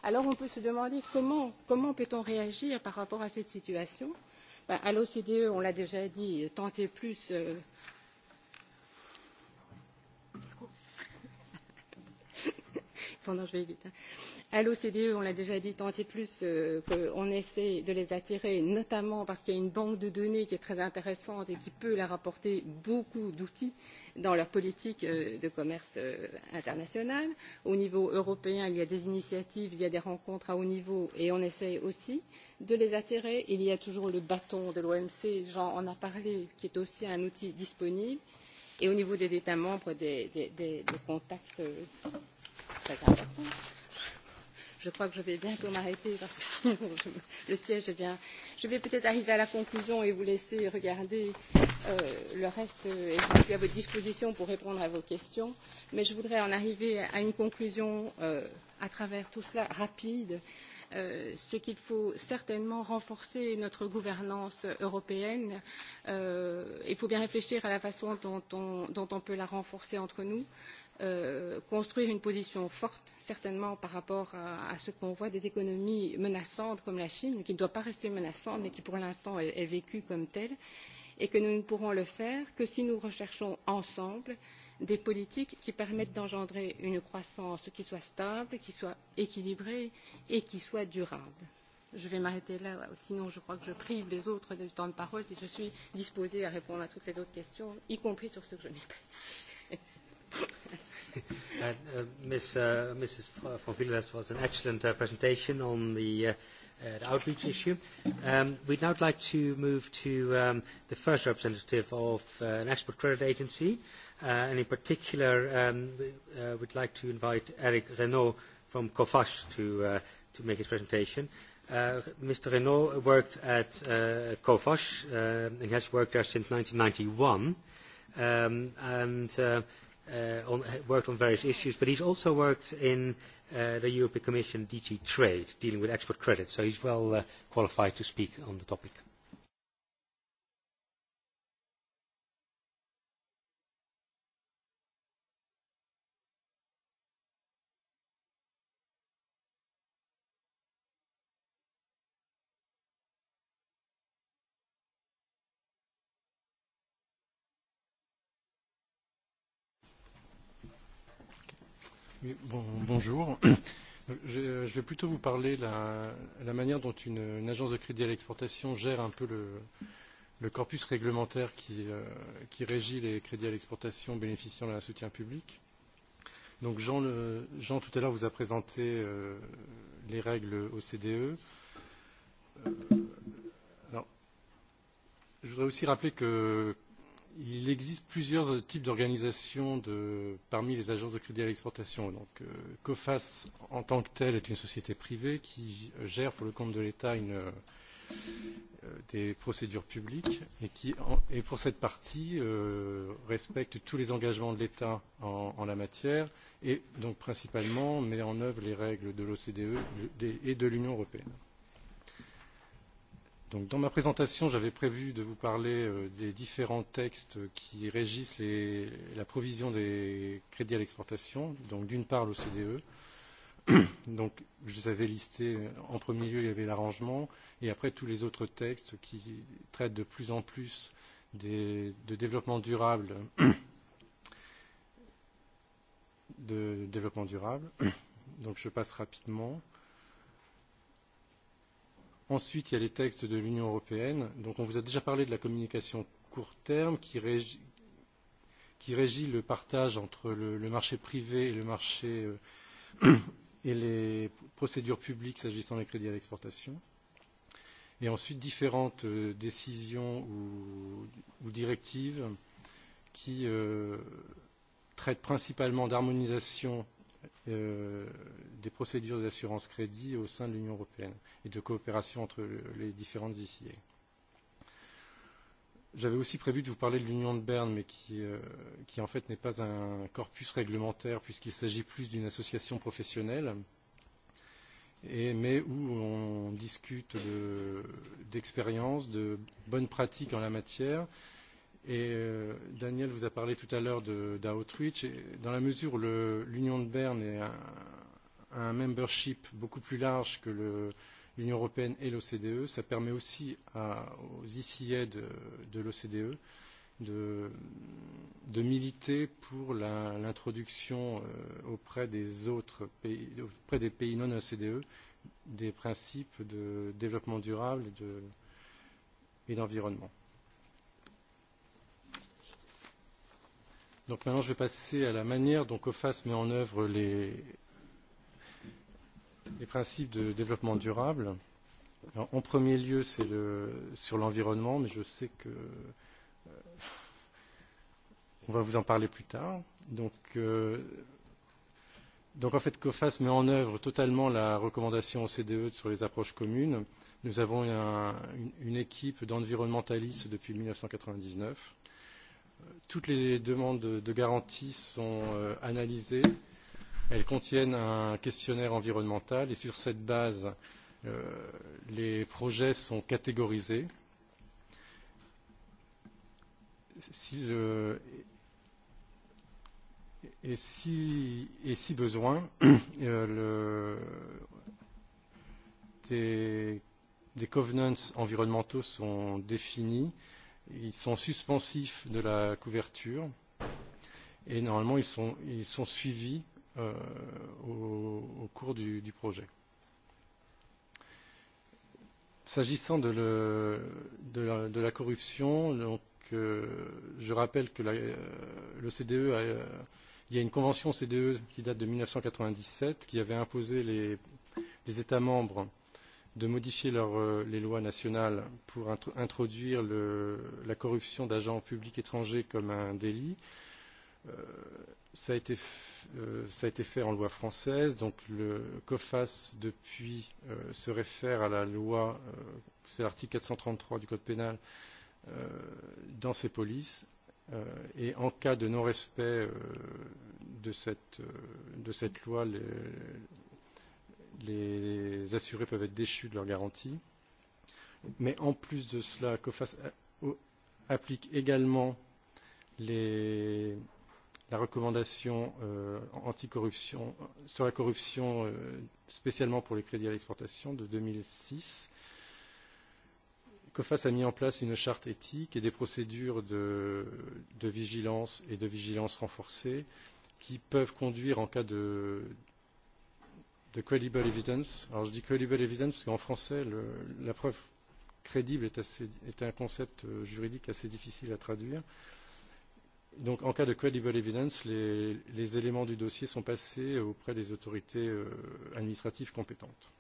Alors, on peut se demander comment, comment peut-on réagir par rapport à cette situation ben, À l'OCDE, on l'a déjà dit, tenter plus. Euh... Pendant, je vais vite. Hein à l'OCDE, on l'a déjà dit tant et plus euh, qu'on essaie de les attirer, notamment parce qu'il y a une banque de données qui est très intéressante et qui peut leur apporter beaucoup d'outils dans leur politique euh, de commerce euh, international. Au niveau européen, il y a des initiatives, il y a des rencontres à haut niveau et on essaie aussi de les attirer. Il y a toujours le bâton de l'OMC, Jean en a parlé, qui est aussi un outil disponible. Et au niveau des États membres, des, des, des, des contacts euh, très importants. Je crois que je vais bientôt m'arrêter parce que sinon je, le siège est bien. Je vais peut-être arriver à la conclusion et vous laisser regarder euh, le reste et je suis à votre disposition pour répondre à vos questions. Mais je voudrais en arriver à une conclusion euh, à travers tout cela rapide. Euh, c'est qu'il faut certainement renforcer notre gouvernance européenne. Euh, il faut bien réfléchir à la façon dont on, dont on peut la renforcer entre nous. Euh, Euh, construire une position forte, certainement par rapport à, à ce qu'on voit des économies menaçantes comme la Chine, qui ne doit pas rester menaçante, mais qui pour l'instant est, est vécue comme telle, et que nous ne pourrons le faire que si nous recherchons ensemble des politiques qui permettent d'engendrer une croissance qui soit stable, qui soit équilibrée et qui soit durable. Je vais m'arrêter là, sinon je crois que je prive les autres du temps de parole et je suis disposée à répondre à toutes les autres questions, y compris sur ce que je n'ai pas dit. Uh, Ms, uh, Mrs. Uh, von Vieles was an excellent uh, presentation on the, uh, uh, the outreach issue. Um, we'd now like to move to um, the first representative of uh, an export credit agency, uh, and in particular, um, uh, we'd like to invite Eric Renault from COFAS to, uh, to make his presentation. Uh, Mr. Renault worked at uh, COFAS, uh, um, and has worked there since 1991, um, and uh, uh, on, worked on various issues, but he's also worked in uh, the European Commission DG Trade, dealing with export credit, so he's well uh, qualified to speak on the topic. Oui, bon, bonjour. Je, je vais plutôt vous parler de la, la manière dont une, une agence de crédit à l'exportation gère un peu le, le corpus réglementaire qui, euh, qui régit les crédits à l'exportation bénéficiant d'un soutien public. Donc Jean, le, Jean tout à l'heure vous a présenté euh, les règles OCDE. Euh, alors, je voudrais aussi rappeler que il existe plusieurs euh, types d'organisations parmi les agences de crédit à l'exportation. Donc, euh, COFAS, en tant que telle, est une société privée qui euh, gère pour le compte de l'État une, des procédures publiques et qui, et pour cette partie, euh, respecte tous les engagements de l'État en, en la matière et donc principalement met en œuvre les règles de l'OCDE et de l'Union européenne dans ma présentation, j'avais prévu de vous parler euh, des différents textes qui régissent les, la provision des crédits à l'exportation, donc d'une part l'OCDE. donc, je les avais listés en premier lieu, il y avait l'arrangement, et après tous les autres textes qui traitent de plus en plus des, de développement durable, de développement durable. Donc, je passe rapidement. Ensuite, il y a les textes de l'Union européenne. dont on vous a déjà parlé de la communication court terme qui régit, le partage entre le, marché privé et le marché euh, et les procédures publiques s'agissant des crédits à l'exportation. Et ensuite, différentes euh, décisions ou, ou directives qui euh, traitent principalement d'harmonisation Euh, des procédures d'assurance crédit au sein de l'Union européenne et de coopération entre les différentes ICA. J'avais aussi prévu de vous parler de l'Union de Berne, mais qui, euh, qui en fait n'est pas un corpus réglementaire puisqu'il s'agit plus d'une association professionnelle, et, mais où on discute d'expériences, de, de bonnes pratiques en la matière, euh, Et euh, Daniel vous a parlé tout à l'heure d'Outreach. Dans la mesure où l'Union de Berne est un, un membership beaucoup plus large que l'Union européenne et l'OCDE, ça permet aussi à, aux ICA de, de l'OCDE de, de militer pour l'introduction euh, auprès des autres pays, auprès des pays non OCDE, des principes de développement durable et d'environnement. De, Donc maintenant, je vais passer à la manière dont COFAS met en œuvre les, les principes de développement durable. Alors, en premier lieu, c'est le, sur l'environnement, mais je sais que euh, on va vous en parler plus tard. Donc, euh, donc en fait, COFAS met en œuvre totalement la recommandation OCDE sur les approches communes. Nous avons un, une, une équipe d'environnementalistes depuis 1999 toutes les demandes de garantie sont euh, analysées. Elles contiennent un questionnaire environnemental et sur cette base, euh, les projets sont catégorisés. Si le, et, si, et si besoin, euh, le, des, des covenants environnementaux sont définis euh, ils sont suspensifs de la couverture et normalement ils sont, ils sont suivis euh, au, au cours du, du projet. S'agissant de, le, de, la, de la corruption, donc, euh, je rappelle que la, euh, le CDE a, euh, il y a une convention CDE qui date de 1997 qui avait imposé les, les États membres de modifier leur, euh, les lois nationales pour introduire le, la corruption d'agents publics étrangers comme un délit. Euh, ça, a été euh, ça a été fait en loi française, donc le COFAS depuis euh, se réfère à la loi, c'est l'article 433 du Code pénal, dans ses polices. et en cas de non-respect de, cette, de cette loi, les, les assurés peuvent être déchus de leur garantie. Mais en plus de cela, COFAS applique également les, la recommandation euh, anticorruption sur la corruption euh, spécialement pour les crédits à l'exportation de 2006. COFAS a mis en place une charte éthique et des procédures de, de vigilance et de vigilance renforcée qui peuvent conduire en cas de, de credible evidence. Alors je dis credible evidence parce qu'en français, le, la preuve crédible est, assez, est un concept euh, juridique assez difficile à traduire. Donc en cas de credible evidence, les, les éléments du dossier sont passés auprès des autorités euh, administratives compétentes.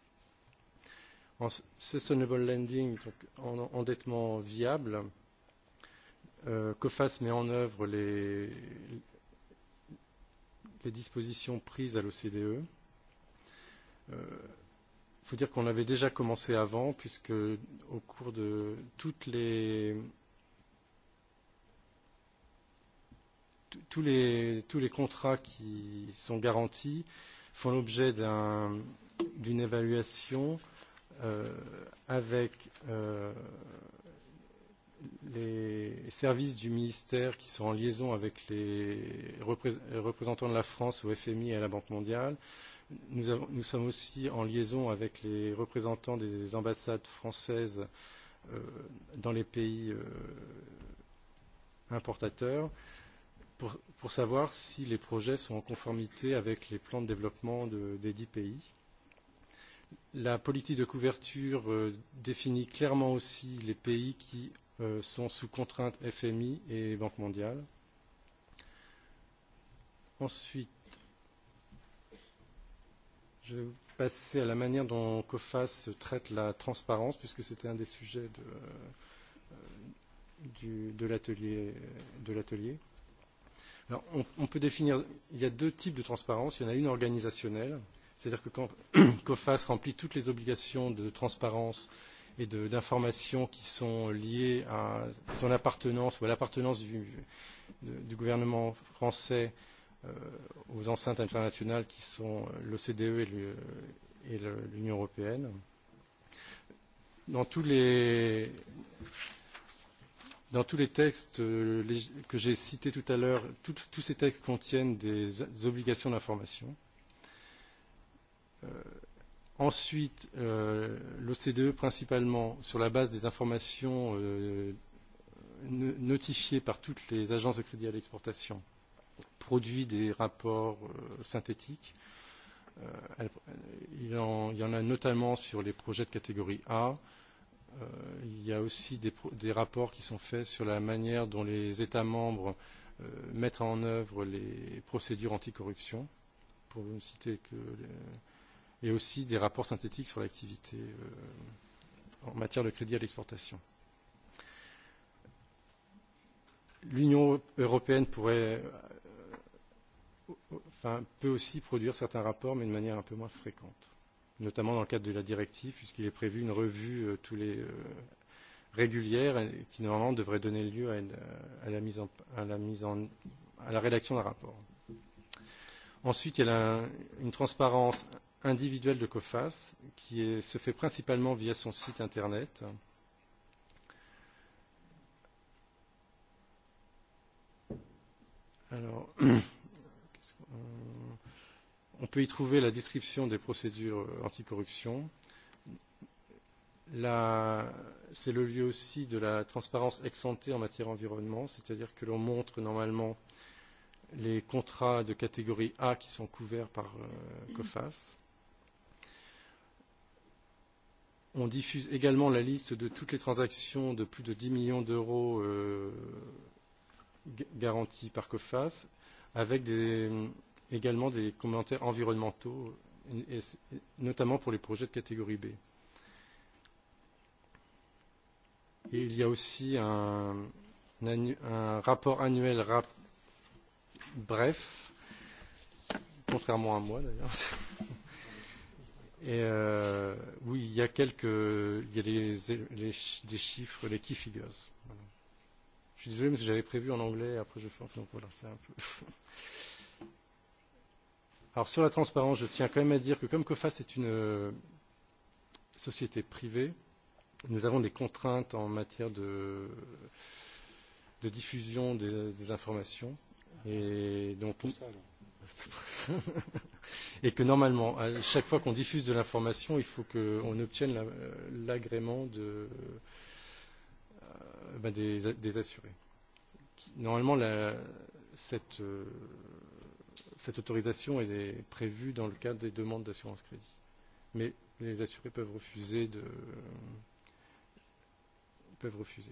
En sustainable lending, donc en endettement viable, euh, COFAS met en œuvre les, les dispositions prises à l'OCDE Euh, Il euh, faut dire qu'on avait déjà commencé avant, puisque au cours de toutes les tous les, tous les contrats qui sont garantis font l'objet d'une un, évaluation euh, avec euh, les services du ministère qui sont en liaison avec les représentants de la France au FMI et à la Banque mondiale. Nous, sommes aussi en liaison avec les représentants des ambassades françaises euh, dans les pays euh, importateurs pour, pour savoir si les projets sont en conformité avec les plans de développement de, des dix pays. La politique de couverture euh, définit clairement aussi les pays qui sont sous contrainte FMI et Banque mondiale. Ensuite, Je vais passer à la manière dont COFAS traite la transparence, puisque c'était un des sujets de, euh, de l'atelier. Alors, on, on peut définir, il y a deux types de transparence. Il y en a une organisationnelle, c'est-à-dire que quand COFAS remplit toutes les obligations de transparence et d'informations qui sont liées à son appartenance ou à l'appartenance du, du gouvernement français euh, Euh, aux enceintes internationales qui sont l'OCDE et l'Union européenne. Dans tous les, dans tous les textes euh, que j'ai cités tout à l'heure, tous, ces textes contiennent des obligations d'information. Euh, ensuite, euh, l'OCDE, principalement sur la base des informations euh, notifiées par toutes les agences de crédit à l'exportation, euh, produit des rapports euh, synthétiques. Euh, elle, il, en, il y en a notamment sur les projets de catégorie A. Euh, il y a aussi des, des rapports qui sont faits sur la manière dont les États membres euh, mettent en œuvre les procédures anticorruption, pour ne citer que les, et aussi des rapports synthétiques sur l'activité euh, en matière de crédit à l'exportation. L'Union européenne pourrait enfin, peut aussi produire certains rapports, mais de manière un peu moins fréquente, notamment dans le cadre de la directive, puisqu'il est prévu une revue euh, tous les, euh, régulière et qui normalement devrait donner lieu à, une, à, la, mise en, à, la, mise en, à la rédaction d'un rapport. Ensuite, il y a la, une transparence individuelle de COFAS qui est, se fait principalement via son site internet. Alors, on peut y trouver la description des procédures euh, anticorruption. C'est le lieu aussi de la transparence ex ante en matière environnement, c'est-à-dire que l'on montre normalement les contrats de catégorie A qui sont couverts par euh, COFAS. On diffuse également la liste de toutes les transactions de plus de 10 millions d'euros euh, garanties par COFAS avec des, également des commentaires environnementaux, et, notamment pour les projets de catégorie B. Et il y a aussi un, un, un rapport annuel rap, bref, contrairement à moi d'ailleurs. Et euh, oui, il y a quelques, il y a les, les, les chiffres, les key figures. Voilà. Je suis désolé, mais j'avais prévu en anglais, après je fais, en français, donc voilà, c'est un peu. Alors sur la transparence, je tiens quand même à dire que comme COFAS est une euh, société privée, nous avons des contraintes en matière de, de diffusion des, des informations. Et donc, tout ça, et que normalement, à chaque fois qu'on diffuse de l'information, il faut qu'on obtienne l'agrément de, euh, ben des, des assurés. Normalement, la, cette, euh, cette autorisation elle est prévue dans le cadre des demandes d'assurance crédit. Mais les assurés peuvent refuser de peuvent refuser.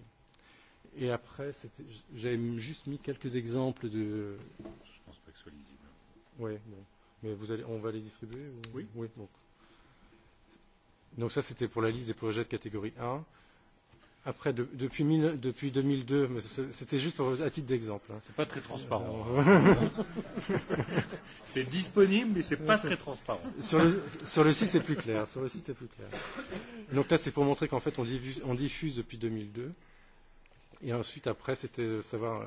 Et après, j'avais juste mis quelques exemples de. Je pense pas que ce soit lisible. Oui, bon. Mais vous allez, on va les distribuer ou... Oui. Oui. bon. donc ça, c'était pour la liste des projets de catégorie 1 après de, depuis, mille, depuis 2002, c'était juste pour, à titre d'exemple. Hein. C'est pas très transparent. Euh, c'est disponible, mais c'est pas très transparent. Sur le, sur le site, c'est plus clair. Sur le site, c'est plus clair. Donc là, c'est pour montrer qu'en fait, on diffuse, on diffuse depuis 2002. Et ensuite, après, c'était savoir euh,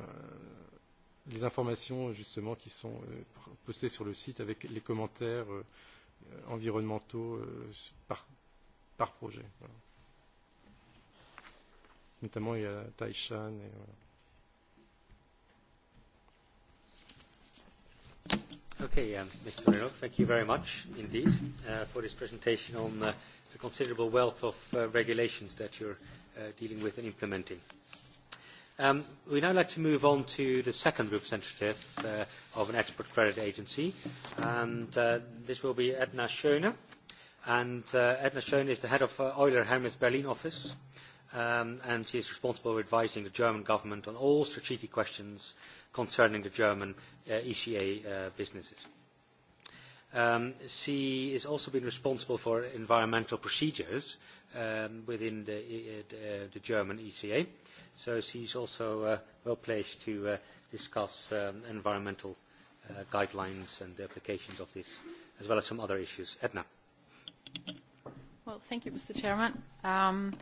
les informations justement qui sont euh, postées sur le site avec les commentaires euh, environnementaux euh, par, par projet. Voilà mint a Taishan et voilà. Okay, um, Mr. Minogue, thank you very much indeed uh, for this presentation on uh, the considerable wealth of uh, regulations that you're uh, dealing with and implementing. Um, we now like to move on to the second representative uh, of an export credit agency, and uh, this will be Edna Schöne. And uh, Edna Schöne is the head of uh, Euler Hermes Berlin office um, and she is responsible for advising the German government on all strategic questions concerning the German uh, ECA uh, businesses. Um, she has also been responsible for environmental procedures um, within the, uh, the uh, German ECA, so she's also uh, well placed to uh, discuss um, environmental uh, guidelines and the applications of this, as well as some other issues. Edna. Well, thank you, Mr. Chairman. Um,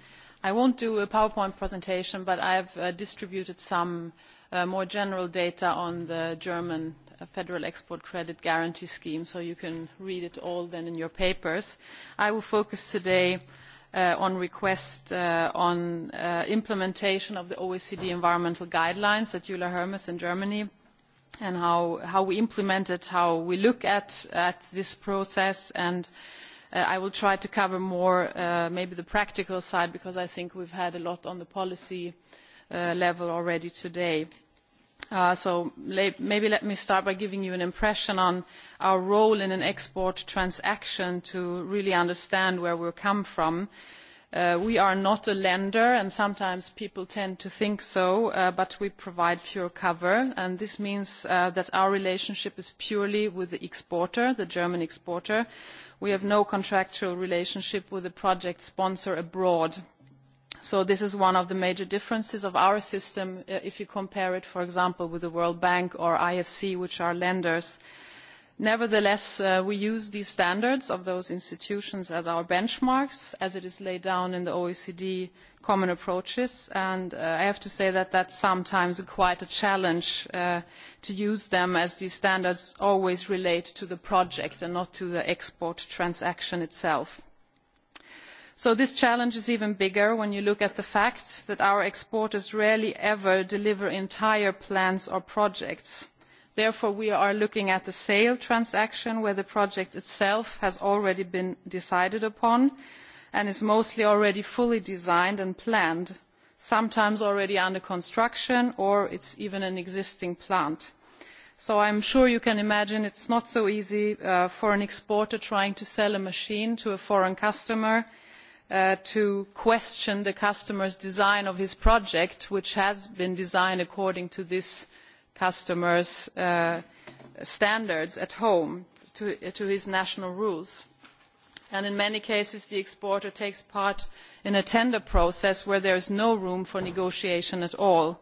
I won't do a PowerPoint presentation, but I've uh, distributed some uh, more general data on the German uh, Federal Export Credit Guarantee Scheme, so you can read it all then in your papers. I will focus today uh, on request uh, on uh, implementation of the OECD environmental guidelines at Euler Hermes in Germany and how, how we implement it, how we look at, at this process and uh, Uh, I will try to cover more uh, maybe the practical side because I think we've had a lot on the policy uh, level already today. Uh, so maybe let me start by giving you an impression on our role in an export transaction to really understand where we come from. Uh, Uh, we are not a lender, and sometimes people tend to think so, uh, but we provide pure cover, and this means uh, that our relationship is purely with the exporter, the German exporter. We have no contractual relationship with the project sponsor abroad. So this is one of the major differences of our system uh, if you compare it, for example, with the World Bank or IFC, which are lenders. Uh, Nevertheless, uh, we use these standards of those institutions as our benchmarks, as it is laid down in the OECD common approaches. And uh, I have to say that that's sometimes quite a challenge uh, to use them, as these standards always relate to the project and not to the export transaction itself. So this challenge is even bigger when you look at the fact that our exporters rarely ever deliver entire plans or projects Therefore, we are looking at a sale transaction where the project itself has already been decided upon and is mostly already fully designed and planned, sometimes already under construction or it's even an existing plant. So I'm sure you can imagine it's not so easy uh, for an exporter trying to sell a machine to a foreign customer uh, to question the customer's design of his project, which has been designed according to this customers' uh, standards at home to, his national rules. And in many cases, the exporter takes part in a tender process where there is no room for negotiation at all.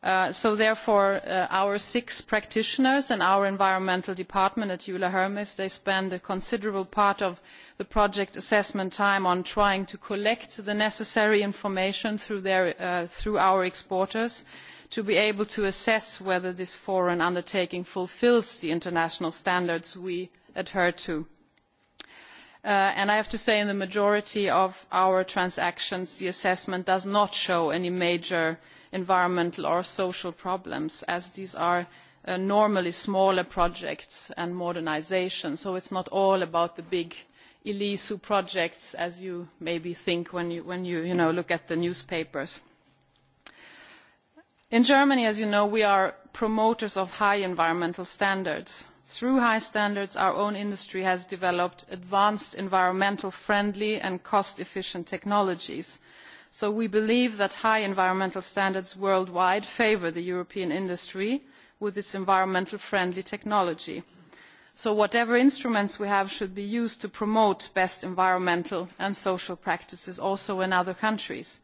Uh, so therefore, uh, our six practitioners and our environmental department at Euler Hermes, they spend a considerable part of the project assessment time on trying to collect the necessary information through, our exporters and to be able to assess whether this foreign undertaking fulfils the international standards we adhere to. Uh, and I have to say in the majority of our transactions, the assessment does not show any major environmental or social problems, as these are uh, normally smaller projects and modernization. So it's not all about the big ELISU projects, as you maybe think when you, when you, you know, look at the newspapers in germany as you know we are promoters of high environmental standards. through high standards our own industry has developed advanced environmentally friendly and cost efficient technologies so we believe that high environmental standards worldwide favour the european industry with its environmentally friendly technology. so whatever instruments we have should be used to promote best environmental and social practices also in other countries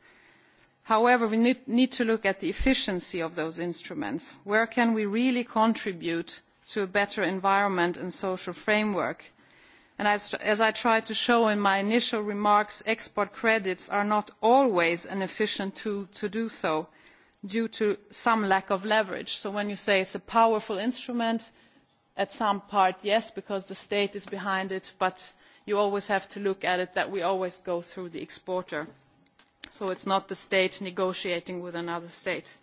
however we need to look at the efficiency of those instruments where can we really contribute to a better environment and social framework and as, as i tried to show in my initial remarks export credits are not always an efficient tool to do so due to some lack of leverage so when you say it's a powerful instrument at some part yes because the state is behind it but you always have to look at it that we always go through the exporter So it's not the state negotiating with another state.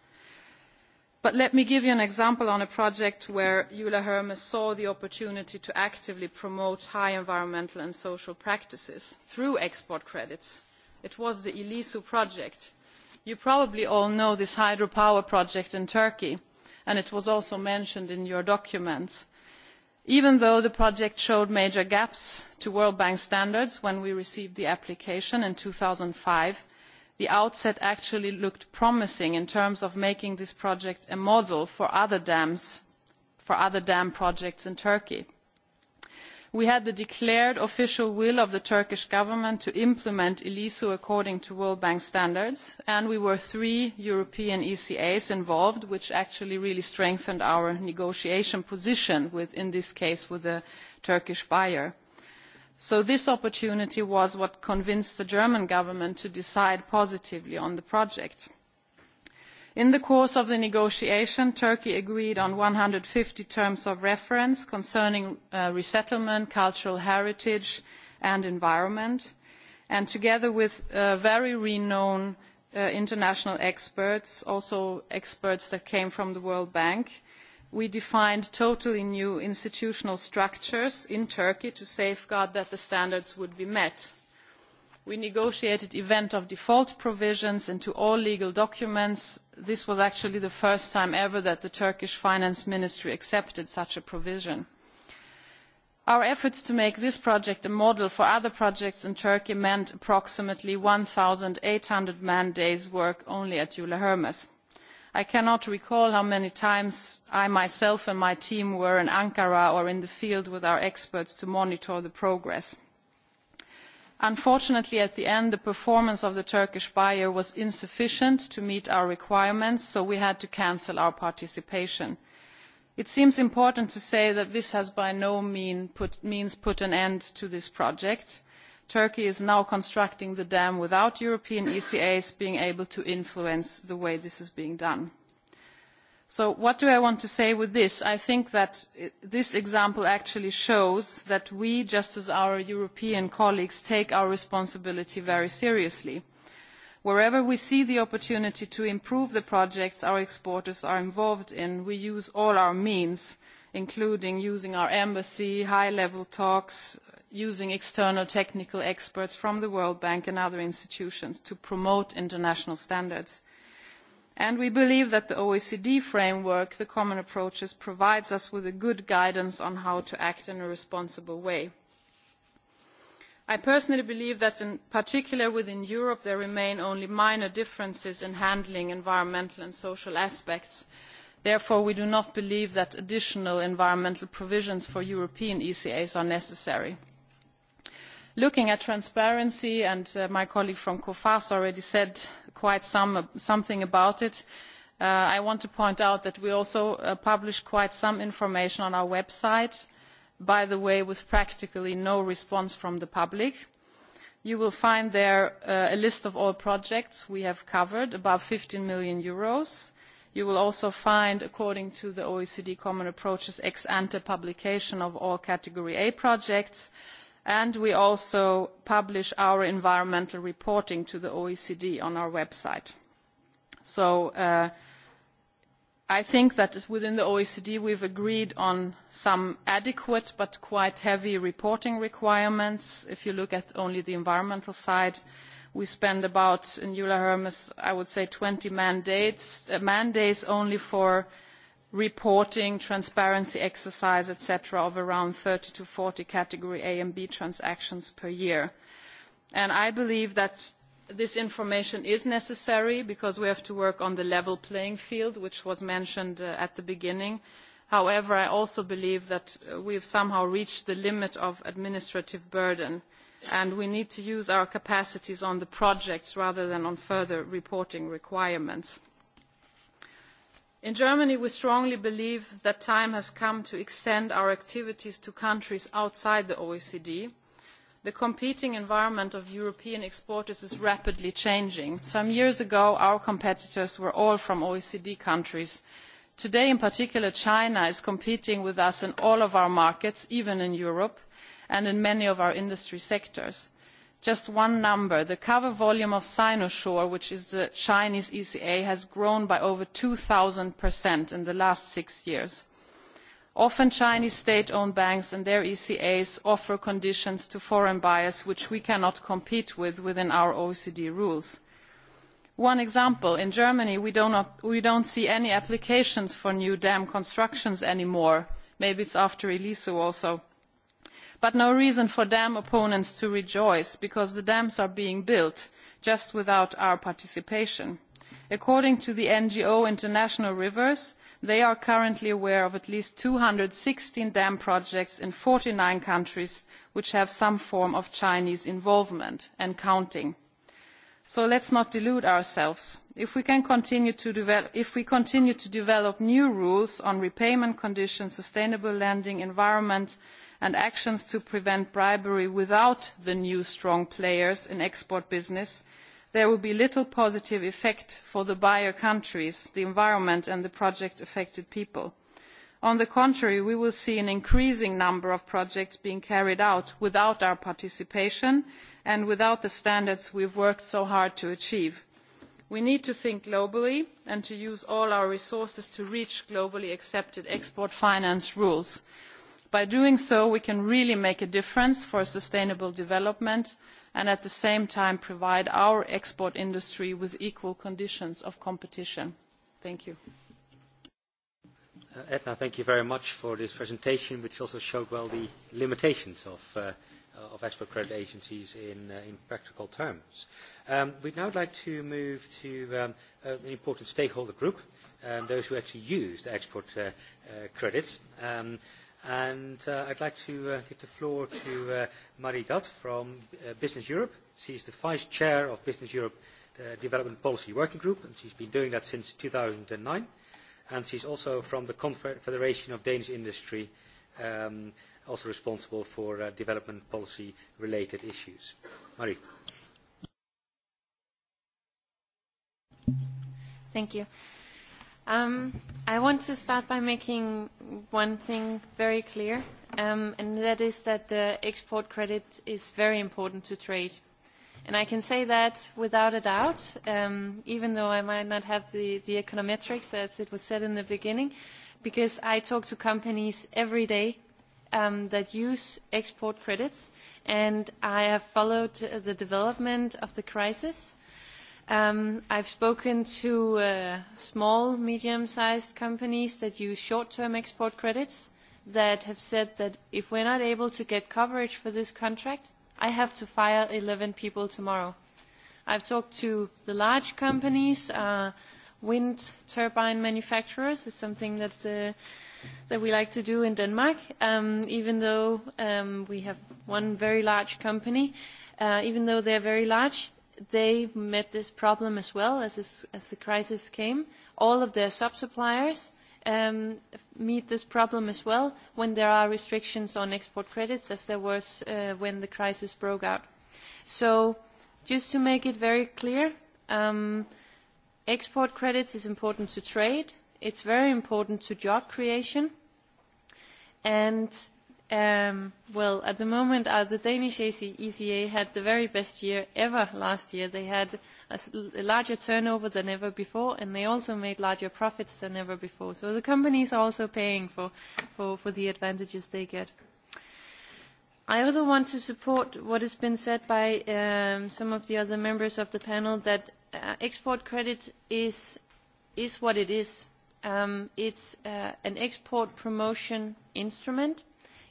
But let me give you an example on a project where Eula Hermes saw the opportunity to actively promote high environmental and social practices through export credits. It was the Elisu project. You probably all know this hydropower project in Turkey, and it was also mentioned in your documents. Even though the project showed major gaps to World Bank standards when we received the application in 2005, the outset actually looked promising in terms of making this project a model for other dams for other dam projects in turkey. we had the declared official will of the turkish government to implement elisu according to world bank standards and we were three european ecas involved which actually really strengthened our negotiation position in this case with the turkish buyer so this opportunity was what convinced the german government to decide positively on the project. in the course of the negotiation turkey agreed on one hundred and fifty terms of reference concerning uh, resettlement cultural heritage and environment and together with uh, very renowned uh, international experts also experts that came from the world bank we defined totally new institutional structures in Turkey to safeguard that the standards would be met. We negotiated event of default provisions into all legal documents. This was actually the first time ever that the Turkish finance ministry accepted such a provision. Our efforts to make this project a model for other projects in Turkey meant approximately 1,800 man days work only at Euler Hermes i cannot recall how many times i myself and my team were in ankara or in the field with our experts to monitor the progress. unfortunately at the end the performance of the turkish buyer was insufficient to meet our requirements so we had to cancel our participation. it seems important to say that this has by no means put an end to this project Turkey is now constructing the dam without European ECAs being able to influence the way this is being done. So what do I want to say with this? I think that this example actually shows that we, just as our European colleagues, take our responsibility very seriously. Wherever we see the opportunity to improve the projects our exporters are involved in, we use all our means, including using our embassy, high-level talks, using external technical experts from the World Bank and other institutions to promote international standards. And we believe that the OECD framework, the common approaches, provides us with a good guidance on how to act in a responsible way. I personally believe that in particular within Europe there remain only minor differences in handling environmental and social aspects. Therefore, we do not believe that additional environmental provisions for European ECAs are necessary looking at transparency and uh, my colleague from cofas already said quite some, something about it uh, i want to point out that we also uh, publish quite some information on our website by the way with practically no response from the public. you will find there uh, a list of all projects we have covered about eur fifteen million. Euros. you will also find according to the oecd common approaches ex ante publication of all category a projects and we also publish our environmental reporting to the oecd on our website. so uh, i think that within the oecd we have agreed on some adequate but quite heavy reporting requirements. if you look at only the environmental side we spend about in euler hermes i would say twenty man days uh, only for uh, reporting, transparency exercise, etc., of around 30 to 40 category A and B transactions per year. And I believe that this information is necessary because we have to work on the level playing field, which was mentioned uh, at the beginning. However, I also believe that uh, we have somehow reached the limit of administrative burden, and we need to use our capacities on the projects rather than on further reporting requirements in germany we strongly believe that the time has come to extend our activities to countries outside the oecd. the competing environment of european exporters is rapidly changing. some years ago our competitors were all from oecd countries. today in particular china is competing with us in all of our markets even in europe and in many of our industry sectors just one number the cover volume of sinosure which is the chinese eca has grown by over two thousand in the last six years. often chinese state owned banks and their ecas offer conditions to foreign buyers which we cannot compete with within our oecd rules. one example in germany we do not see any applications for new dam constructions any more maybe it is after eliso also but no reason for dam opponents to rejoice because the dams are being built just without our participation. according to the ngo international rivers they are currently aware of at least two hundred and sixteen dam projects in forty nine countries which have some form of chinese involvement and counting so let us not delude ourselves. If we, continue to develop new rules on repayment conditions sustainable lending environment and actions to prevent bribery without the new strong players in export business there will be little positive effect for the buyer countries the environment and the project affected people. on the contrary we will see an increasing number of projects being carried out without our participation and without the standards we have worked so hard to achieve. we need to think globally and to use all our resources to reach globally accepted export finance rules by doing so we can really make a difference for sustainable development and at the same time provide our export industry with equal conditions of competition. Thank you. Uh, Edna, thank you very much for this presentation, which also showed well the limitations of, uh, uh of export credit agencies in, uh, in practical terms. Um, we'd now like to move to um, uh, an important stakeholder group, um, those who actually use the export uh, uh, credits. Um, And uh, I'd like to uh, give the floor to uh, Marie Dutt from uh, Business Europe. She's the Vice Chair of Business Europe uh, Development Policy Working Group, and she's been doing that since 2009. And she's also from the Confederation of Danish Industry, um, also responsible for uh, development policy-related issues. Marie. Thank you. Um, I want to start by making one thing very clear, um, and that is that the export credit is very important to trade. And I can say that without a doubt, um, even though I might not have the, the econometrics as it was said in the beginning, because I talk to companies every day um, that use export credits, and I have followed the development of the crisis Um, I've spoken to uh, small, medium-sized companies that use short-term export credits that have said that if we're not able to get coverage for this contract, I have to fire 11 people tomorrow. I've talked to the large companies, uh, wind turbine manufacturers is something that, uh, that we like to do in Denmark, um, even though um, we have one very large company. Uh, even though they're very large, they met this problem as well as, this, as the crisis came. All of their sub-suppliers um, meet this problem as well when there are restrictions on export credits as there was uh, when the crisis broke out. So just to make it very clear, um, export credits is important to trade. It's very important to job creation. And Um, well, at the moment, uh, the Danish ECA e had the very best year ever last year. They had a, a larger turnover than ever before, and they also made larger profits than ever before. So the companies are also paying for, for, for the advantages they get. I also want to support what has been said by um, some of the other members of the panel that uh, export credit is, is what it is. Um, it's uh, an export promotion instrument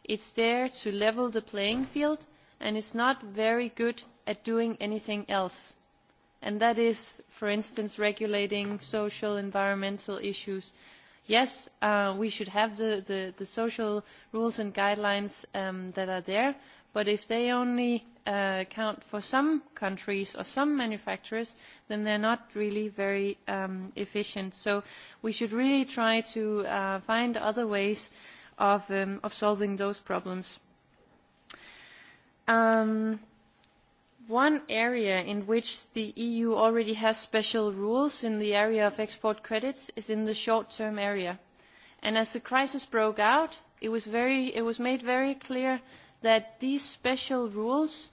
it's there to level the playing field and it's not very good at doing anything else and that is for instance regulating social environmental issues yes uh, we should have the, social rules and guidelines um, that are there but if they only uh, count for some countries or some manufacturers then they're not really very um, efficient so we should really try to uh, find other ways of, um, of solving those problems. Um, one area in which the EU already has special rules in the area of export credits is in the short-term area. And as the crisis broke out, it was, very, it was made very clear that these special rules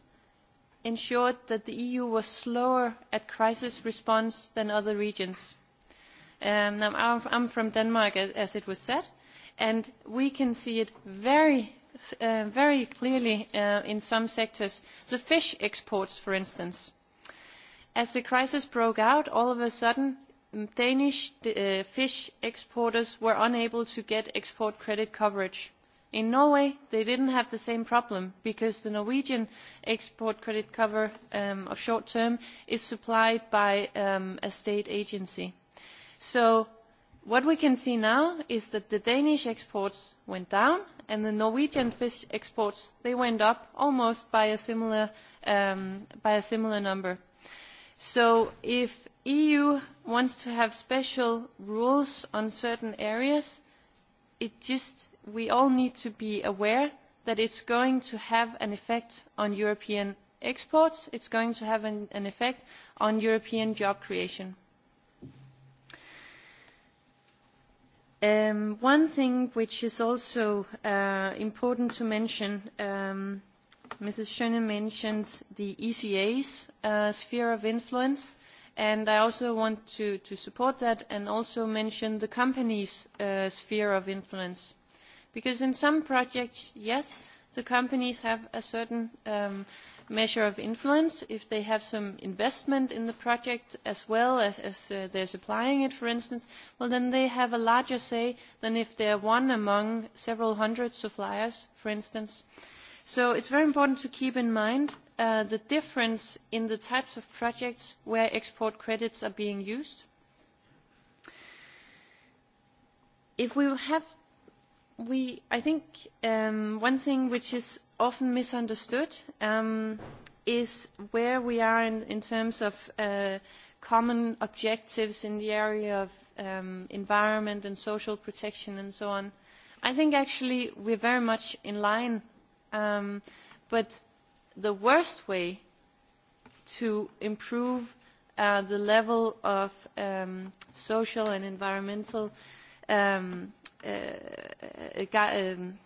ensured that the EU was slower at crisis response than other regions. Um, I'm, I'm from Denmark, as it was said, and we can see it very uh, very clearly uh, in some sectors the fish exports for instance as the crisis broke out all of a sudden danish uh, fish exporters were unable to get export credit coverage in norway they didn't have the same problem because the norwegian export credit cover um, of short term is supplied by um, a state agency so what we can see now is that the danish exports went down and the norwegian fish exports they went up almost by a similar, um, by a similar number. so if the eu wants to have special rules on certain areas just, we all need to be aware that it's going to have an effect on european exports It's going to have an effect on european job creation. Um, one thing which is also uh, important to mention, um, Mrs. Schöne mentioned the ECA's uh, sphere of influence, and I also want to, to support that and also mention the company's uh, sphere of influence. Because in some projects, yes, uh, the companies have a certain um, measure of influence. If they have some investment in the project as well as, as uh, they're supplying it, for instance, well, then they have a larger say than if they're one among several hundred suppliers, for instance. So it's very important to keep in mind uh, the difference in the types of projects where export credits are being used. If we have we, I think um, one thing which is often misunderstood um, is where we are in, in terms of uh, common objectives in the area of um, environment and social protection and so on. I think actually we're very much in line, um, but the worst way to improve uh, the level of um, social and environmental um, Uh, uh, uh, um,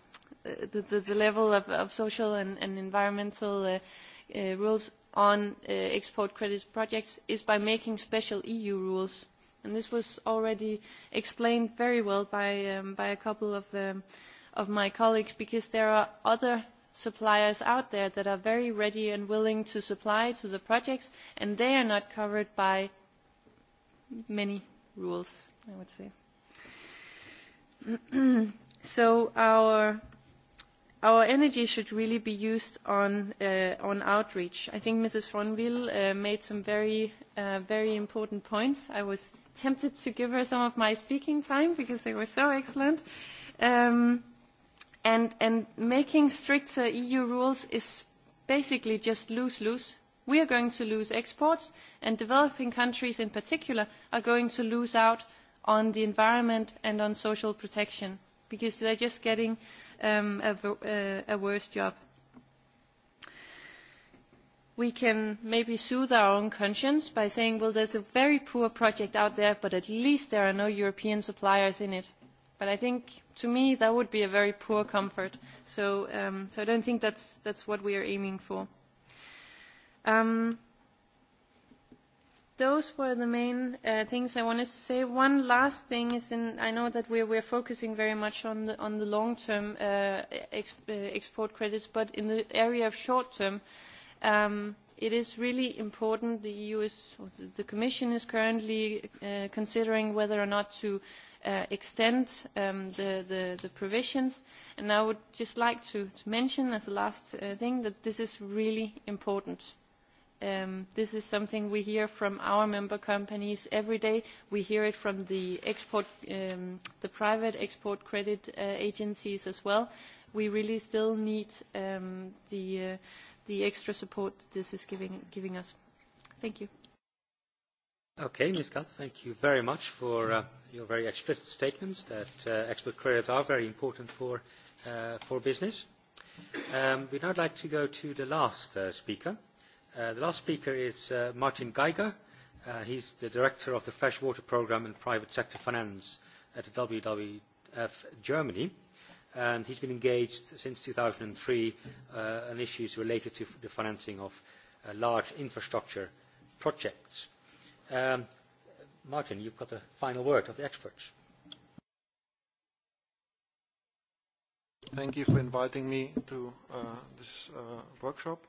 the, the, the level of, of social and, and environmental uh, uh, rules on uh, export credit projects is by making special EU rules. And this was already explained very well by, um, by a couple of, um, of my colleagues because there are other suppliers out there that are very ready and willing to supply to the projects and they are not covered by many rules, I would say. so our our energy should really be used on uh, on outreach. I think Mrs. Fronville uh, made some very uh, very important points. I was tempted to give her some of my speaking time because they were so excellent. Um, and and making stricter EU rules is basically just lose lose. We are going to lose exports, and developing countries in particular are going to lose out on the environment and on social protection because they're just getting um, a, a worse job. We can maybe soothe our own conscience by saying, well, there's a very poor project out there, but at least there are no European suppliers in it. But I think, to me, that would be a very poor comfort. So, um, so I don't think that's, that's what we are aiming for. Um, those were the main uh, things I wanted to say. One last thing is, in, I know that we're, we're focusing very much on the, on the long-term uh, ex, uh, export credits, but in the area of short-term, um, it is really important. The EU is, the Commission is currently uh, considering whether or not to uh, extend um, the, the, the provisions. And I would just like to, to mention as a last uh, thing that this is really important Um, this is something we hear from our member companies every day. We hear it from the, um, private export credit uh, agencies as well. We really still need um, uh, the, extra support this is giving, us. Thank you. Okay, Ms. Gatt, thank you very much for uh, your very explicit statements that export credits are very important for, business. Um, we'd now like to go to the last speaker, Uh, the last speaker is uh, Martin Geiger. Uh, he's the director of the Freshwater Programme and Private Sector Finance at the WWF Germany. And he's been engaged since 2003 uh, on issues related to the financing of uh, large infrastructure projects. Um, Martin, you've got the final word of the experts. Thank you for inviting me to uh, this uh, workshop.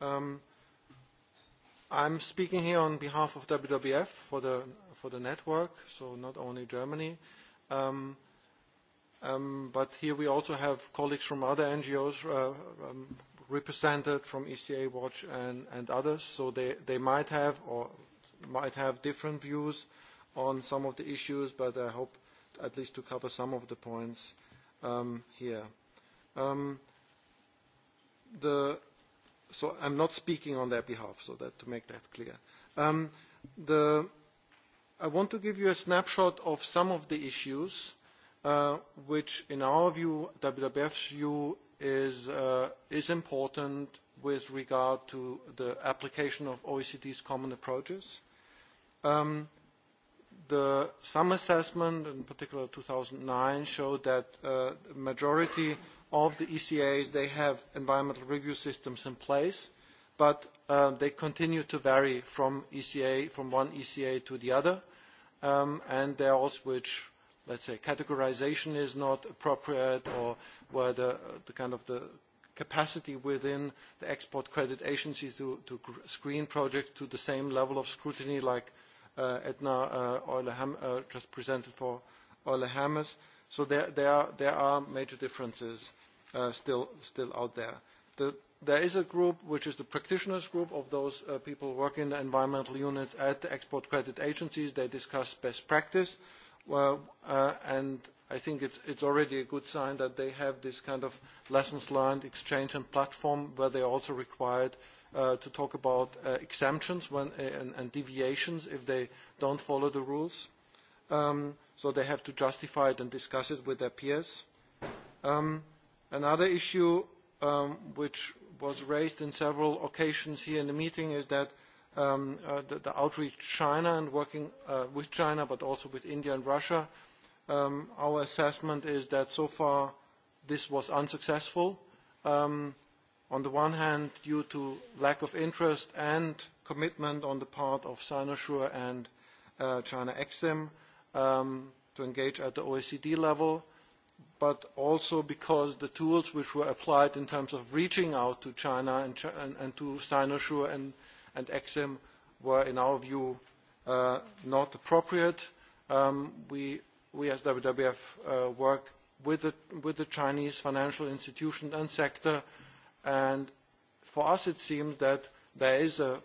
Um, I'm speaking here on behalf of WWF for the, for the network, so not only Germany. Um, um, but here we also have colleagues from other NGOs uh, um, represented from ECA Watch and, and others, so they, they might have or might have different views on some of the issues, but I hope at least to cover some of the points um, here. Um, the so I'm not speaking on their behalf, so that to make that clear. Um, the, I want to give you a snapshot of some of the issues uh, which, in our view, WWF's view, is, uh, is important with regard to the application of OECD's common approaches. Um, the, some assessment, in particular 2009, showed that uh, the majority of the ECAs, they have environmental review systems in place, but uh, they continue to vary from ECA, from one ECA to the other, um, and there are also which, let's say, categorization is not appropriate or where the, the kind of the capacity within the export credit agency to, to screen projects to the same level of scrutiny like uh, Edna uh, Euler uh, just presented for Euler Hammers. So there, there, are, there are major differences uh, still, still out there. The, there is a group which is the practitioners group of those uh, people working in the environmental units at the export credit agencies. They discuss best practice. Well, uh, and I think it's, it's already a good sign that they have this kind of lessons learned exchange and platform where they are also required uh, to talk about uh, exemptions when, uh, and, and deviations if they don't follow the rules. Um, so they have to justify it and discuss it with their peers. Um, another issue um, which was raised in several occasions here in the meeting is that um, uh, the, the outreach China and working uh, with China but also with India and Russia, um, our assessment is that so far this was unsuccessful. Um, on the one hand, due to lack of interest and commitment on the part of Sinosure and uh, China Exim, um, to engage at the OECD level, but also because the tools which were applied in terms of reaching out to China and, and, and to Sinosure and, and Exim were, in our view, uh, not appropriate. Um, we, we as WWF uh, work with the, with the Chinese financial institution and sector, and for us it seems that there is a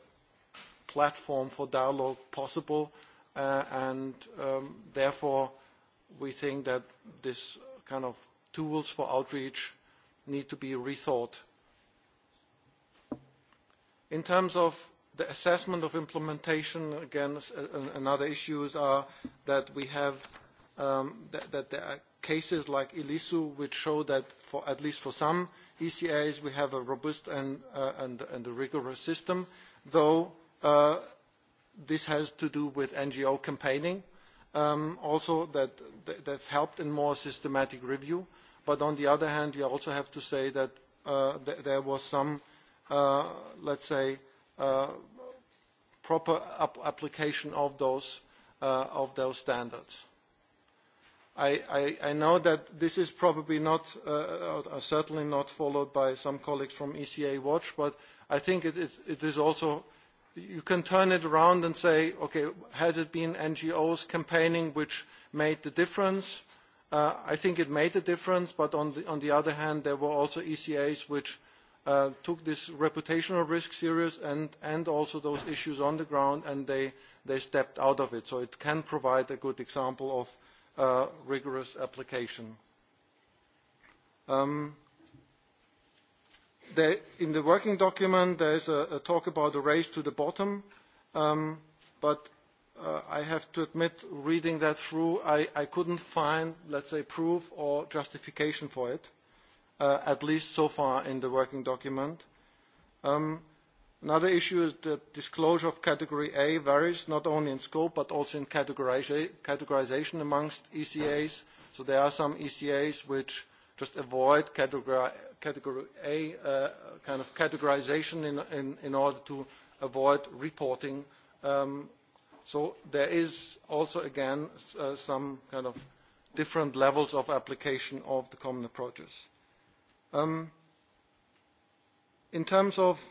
platform for dialogue possible Uh, and um, therefore, we think that this kind of tools for outreach need to be rethought. In terms of the assessment of implementation, again, uh, another issues are that we have um, that, that there are cases like ELISU which show that for at least for some ECAs we have a robust and, uh, and, and a rigorous system, though uh, this has to do with NGO campaigning, um, also that, that helped in more systematic review. But on the other hand, you also have to say that uh, th there was some, uh, let's say, uh, proper ap application of those, uh, of those standards. I, I, I know that this is probably not, uh, uh, uh certainly not followed by some colleagues from ECA Watch, but I think it, it, it is also you can turn it around and say, okay, has it been NGOs campaigning which made the difference? Uh, I think it made a difference, but on the, on the other hand, there were also ECAs which uh, took this reputational risk serious and, and also those issues on the ground, and they, they stepped out of it. So it can provide a good example of uh, rigorous application. Um, in the working document, there is a, talk about the race to the bottom, um, but uh, I have to admit, reading that through, I, couldn't find, let's say, proof or justification for it, uh, at least so far in the working document. Um, another issue is that disclosure of category A varies not only in scope but also in categorization amongst ECAs. So there are some ECAs which just avoid category category A uh, kind of categorization in, in, in order to avoid reporting. Um, so there is also, again, uh, some kind of different levels of application of the common approaches. Um, in terms of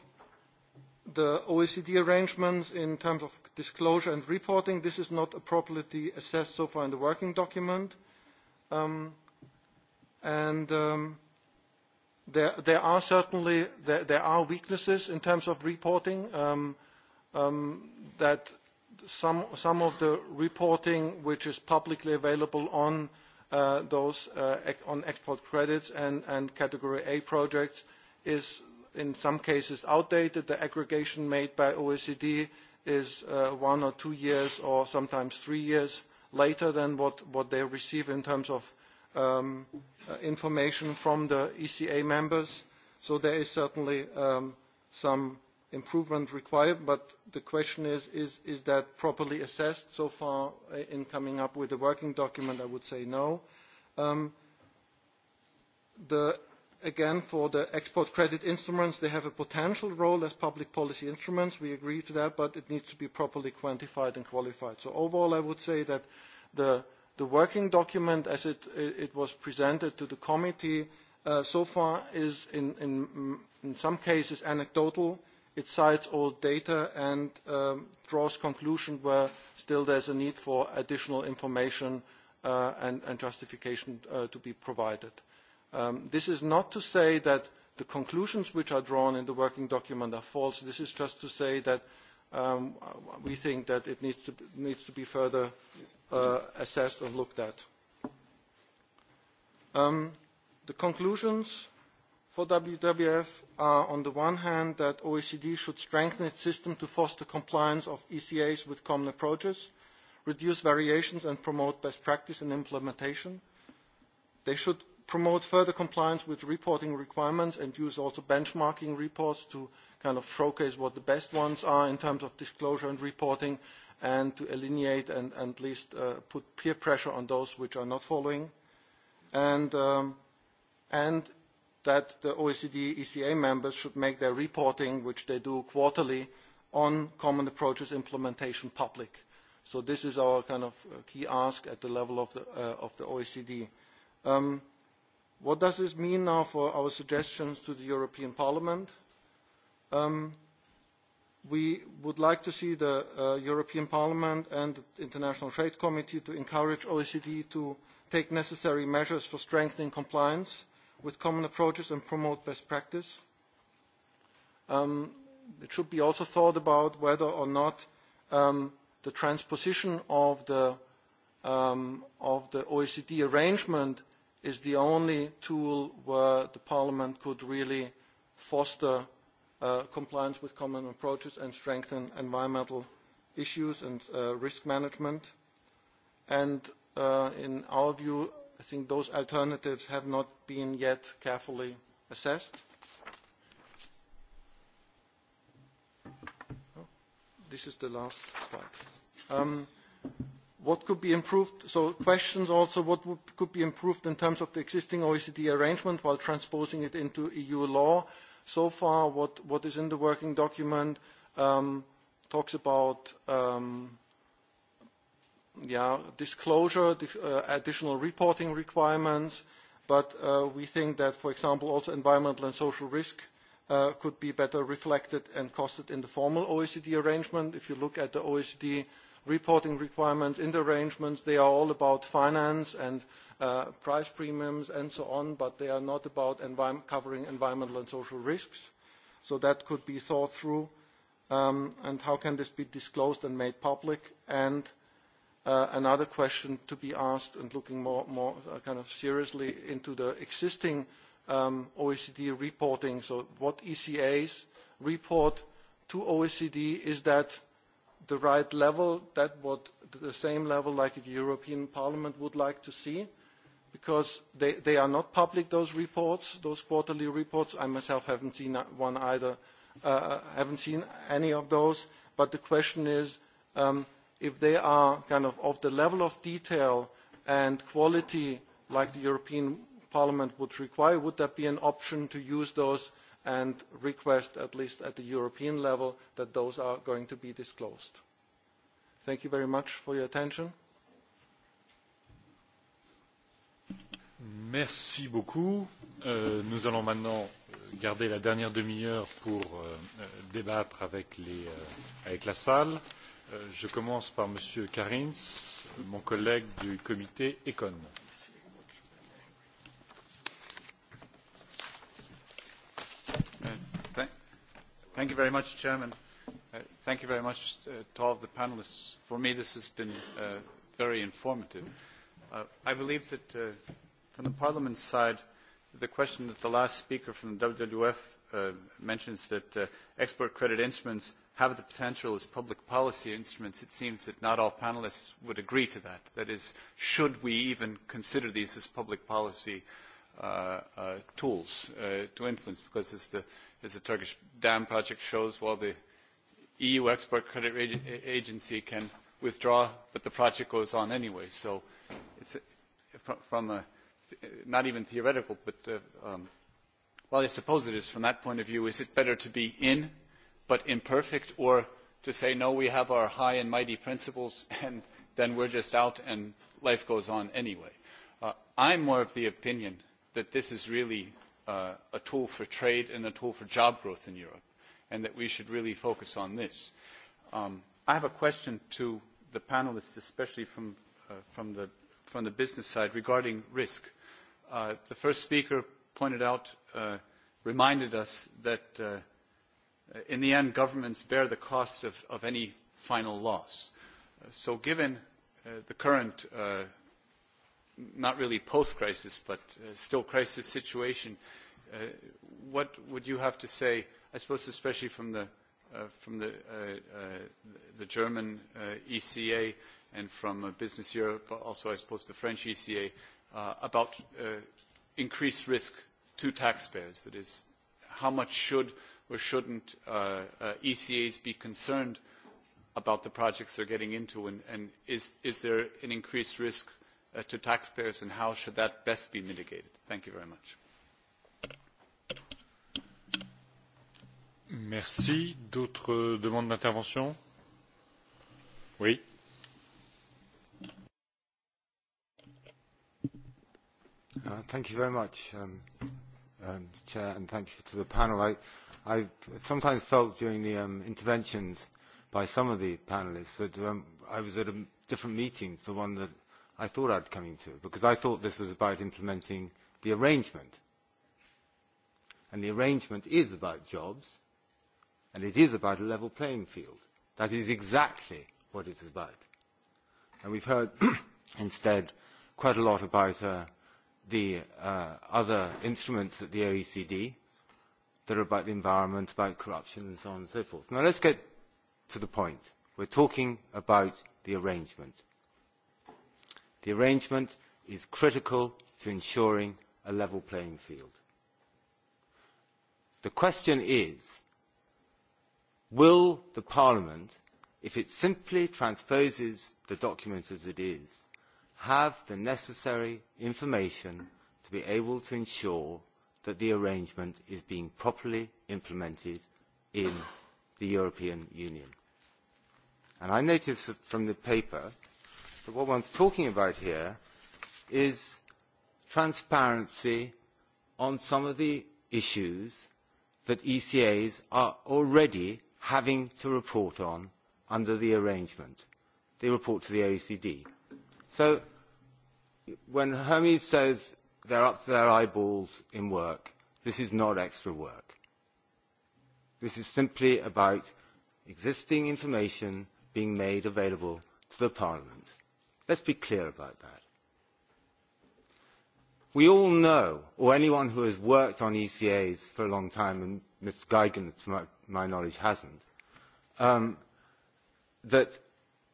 the OECD arrangements, in terms of disclosure and reporting, this is not appropriately assessed so far in the working document. Um, and um, There, are certainly there, are weaknesses in terms of reporting um, um, that some, some of the reporting which is publicly available on uh, those uh, on export credits and, category A projects is in some cases outdated. The aggregation made by OECD is uh, one or two years or sometimes three years later than what, what they receive in terms of um, uh, information from the ECA members. So there is certainly um, some improvement required, but the question is, is, is that properly assessed so far in coming up with a working document? I would say no. Um, the, again, for the export credit instruments, they have a potential role as public policy instruments. We agree to that, but it needs to be properly quantified and qualified. So overall, I would say that the the working document as it, it was presented to the committee uh, so far is in, in, in some cases anecdotal. It cites old data and um, draws conclusions where still there's a need for additional information uh, and, and justification uh, to be provided. Um, this is not to say that the conclusions which are drawn in the working document are false. This is just to say that um, we think that it needs to, needs to be further uh, assessed and looked at. Um, the conclusions for WWF are on the one hand that OECD should strengthen its system to foster compliance of ECAs with common approaches, reduce variations and promote best practice and implementation. They should promote further compliance with reporting requirements and use also benchmarking reports to kind of showcase what the best ones are in terms of disclosure and reporting and to alienate and, at least uh, put peer pressure on those which are not following, and, um, and that the OECD ECA members should make their reporting, which they do quarterly, on common approaches implementation public. So this is our kind of uh, key ask at the level of the, uh, of the OECD. Um, what does this mean now for our suggestions to the European Parliament? Um, we would like to see the uh, European Parliament and the International Trade Committee to encourage OECD to take necessary measures for strengthening compliance with common approaches and promote best practice. Um, it should be also thought about whether or not um, the transposition of the, um, of the OECD arrangement is the only tool where the Parliament could really foster Uh, compliance with common approaches and strengthen environmental issues and uh, risk management. And uh, in our view, I think those alternatives have not been yet carefully assessed. Oh, this is the last slide. Um, what could be improved? So questions also, what would, could be improved in terms of the existing OECD arrangement while transposing it into EU law? So far, what, what is in the working document um, talks about um, yeah, disclosure, uh, additional reporting requirements, but uh, we think that, for example, also environmental and social risk uh, could be better reflected and costed in the formal OECD arrangement. If you look at the OECD reporting requirements in the arrangements. They are all about finance and uh, price premiums and so on, but they are not about covering environmental and social risks. So that could be thought through. Um, and how can this be disclosed and made public? And uh, another question to be asked and looking more, uh, kind of seriously into the existing um, OECD reporting. So what ECAs report to OECD is that the right level, that what the same level like the European Parliament would like to see, because they, they are not public, those reports, those quarterly reports. I myself haven't seen one either, uh, haven't seen any of those. But the question is, um, if they are kind of of the level of detail and quality like the European Parliament would require, would that be an option to use those and request, at least at the European level, that those are going to be disclosed. Thank you very much for your attention. Merci beaucoup. Euh, nous allons maintenant euh, garder la dernière demi-heure pour euh, euh, débattre avec, les, euh, avec la salle. Euh, je commence par M. Karins, mon collègue du comité ECON. Thank you very much, Chairman. Uh, thank you very much uh, to all of the panelists. For me, this has been uh, very informative. Uh, I believe that uh, from the Parliament side, the question that the last speaker from the WWF uh, mentions that uh, export credit instruments have the potential as public policy instruments, it seems that not all panelists would agree to that. That is, should we even consider these as public policy uh, uh, tools uh, to influence? Because as the as the Turkish dam project shows while the EU Export Credit Agency can withdraw, but the project goes on anyway. So it's from a, not even theoretical, but uh, um, well, I suppose it is from that point of view, is it better to be in but imperfect or to say, no, we have our high and mighty principles and then we're just out and life goes on anyway? Uh, I'm more of the opinion that this is really uh, a tool for trade and a tool for job growth in Europe, and that we should really focus on this. Um, I have a question to the panelists, especially from, uh, from, the, from the business side, regarding risk. Uh, the first speaker pointed out, uh, reminded us that uh, in the end, governments bear the cost of, of any final loss. Uh, so given uh, the current uh, not really post-crisis, but uh, still crisis situation, uh, what would you have to say, I suppose especially from the, uh, from the, uh, uh, the German uh, ECA and from uh, Business Europe, but also I suppose the French ECA, uh, about uh, increased risk to taxpayers? That is, how much should or shouldn't uh, uh, ECAs be concerned about the projects they're getting into, and, and is, is there an increased risk Uh, to taxpayers and how should that best be mitigated? Thank you very much. Merci. D'autres demandes d'intervention Oui. Uh, thank you very much, um, um, Chair, and thank you to the panel. I, I sometimes felt during the um, interventions by some of the panelists that um, I was at a different meeting to the one that I thought I'd come into, because I thought this was about implementing the arrangement. And the arrangement is about jobs, and it is about a level playing field. That is exactly what it's about. And we've heard instead quite a lot about uh, the uh, other instruments at the OECD that are about the environment, about corruption, and so on and so forth. Now let's get to the point. We're talking about the arrangement the arrangement is critical to ensuring a level playing field. the question is will the parliament if it simply transposes the document as it is have the necessary information to be able to ensure that the arrangement is being properly implemented in the european union? And i notice from the paper that what one is talking about here is transparency on some of the issues that ECAs are already having to report on under the arrangement. They report to the OECD. So when Hermes says they're up to their eyeballs in work, this is not extra work. This is simply about existing information being made available to the Parliament. Let's be clear about that. We all know, or anyone who has worked on ECAs for a long time, and Ms. Geigen, to my, my knowledge, hasn't, um, that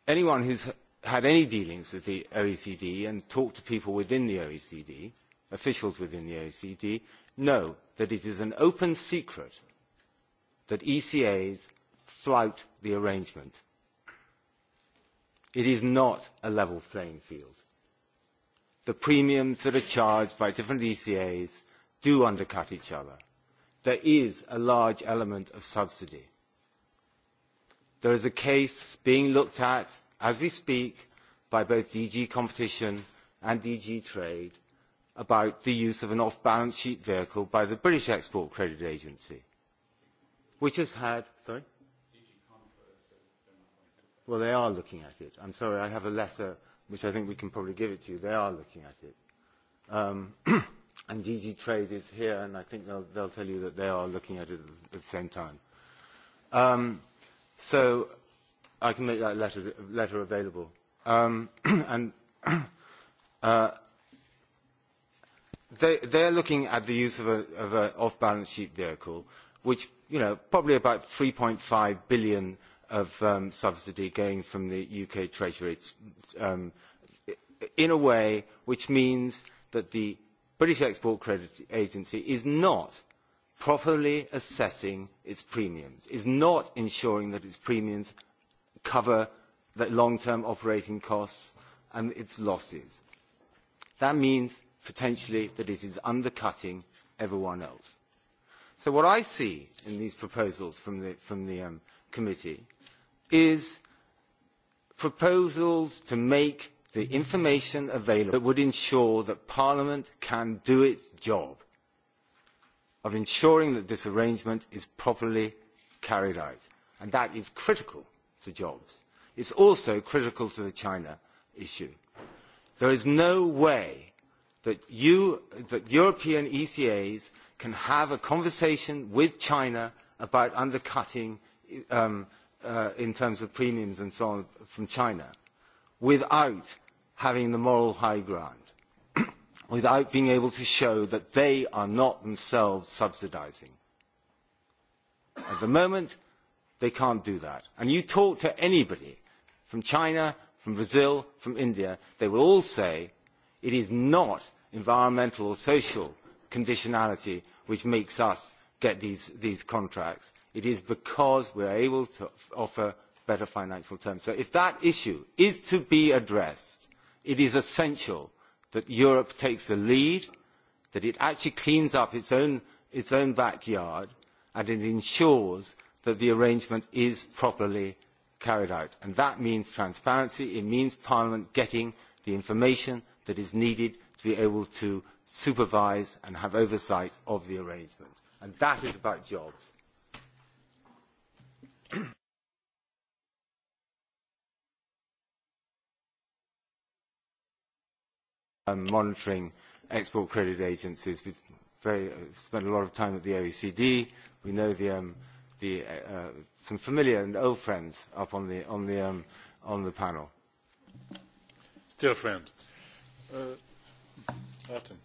anyone who's had any dealings with the OECD and talked to people within the OECD, officials within the OECD, know that it is an open secret that ECAs flout the arrangement It is not a level playing field. The premiums that are charged by different ECAs do undercut each other. There is a large element of subsidy. There is a case being looked at as we speak by both DG Competition and DG Trade about the use of an off-balance sheet vehicle by the British Export Credit Agency, which has had... Sorry? Well, they are looking at it. I'm sorry, I have a letter which I think we can probably give it to you. They are looking at it. Um, and DG Trade is here, and I think they'll, they'll tell you that they are looking at it at the same time. Um, so I can make that letter, letter available. Um, and uh, they, are looking at the use of an of a off-balance sheet vehicle, which, you know, probably about 3.5 billion of um, subsidy going from the UK Treasury um, in a way which means that the British Export Credit Agency is not properly assessing its premiums, is not ensuring that its premiums cover the long-term operating costs and its losses. That means potentially that it is undercutting everyone else. So what I see in these proposals from the, from the um, committee is proposals to make the information available that would ensure that Parliament can do its job of ensuring that this arrangement is properly carried out. And that is critical to jobs. It's also critical to the China issue. There is no way that, you, that European ECAs can have a conversation with China about undercutting um, uh, in terms of premiums and so on from China without having the moral high ground, without being able to show that they are not themselves subsidising. At the moment, they can't do that. And you talk to anybody from China, from Brazil, from India, they will all say it is not environmental or social conditionality which makes us get these, these contracts. It is because we are able to offer better financial terms. So if that issue is to be addressed, it is essential that Europe takes the lead, that it actually cleans up its own, its own backyard, and it ensures that the arrangement is properly carried out. And that means transparency. It means Parliament getting the information that is needed to be able to supervise and have oversight of the arrangement and that is about jobs. um, monitoring export credit agencies. We've very, uh, spent a lot of time at the OECD. We know the, um, the, uh, uh, some familiar and old friends up on the, on the, um, on the panel. Still friend. Uh, Martin.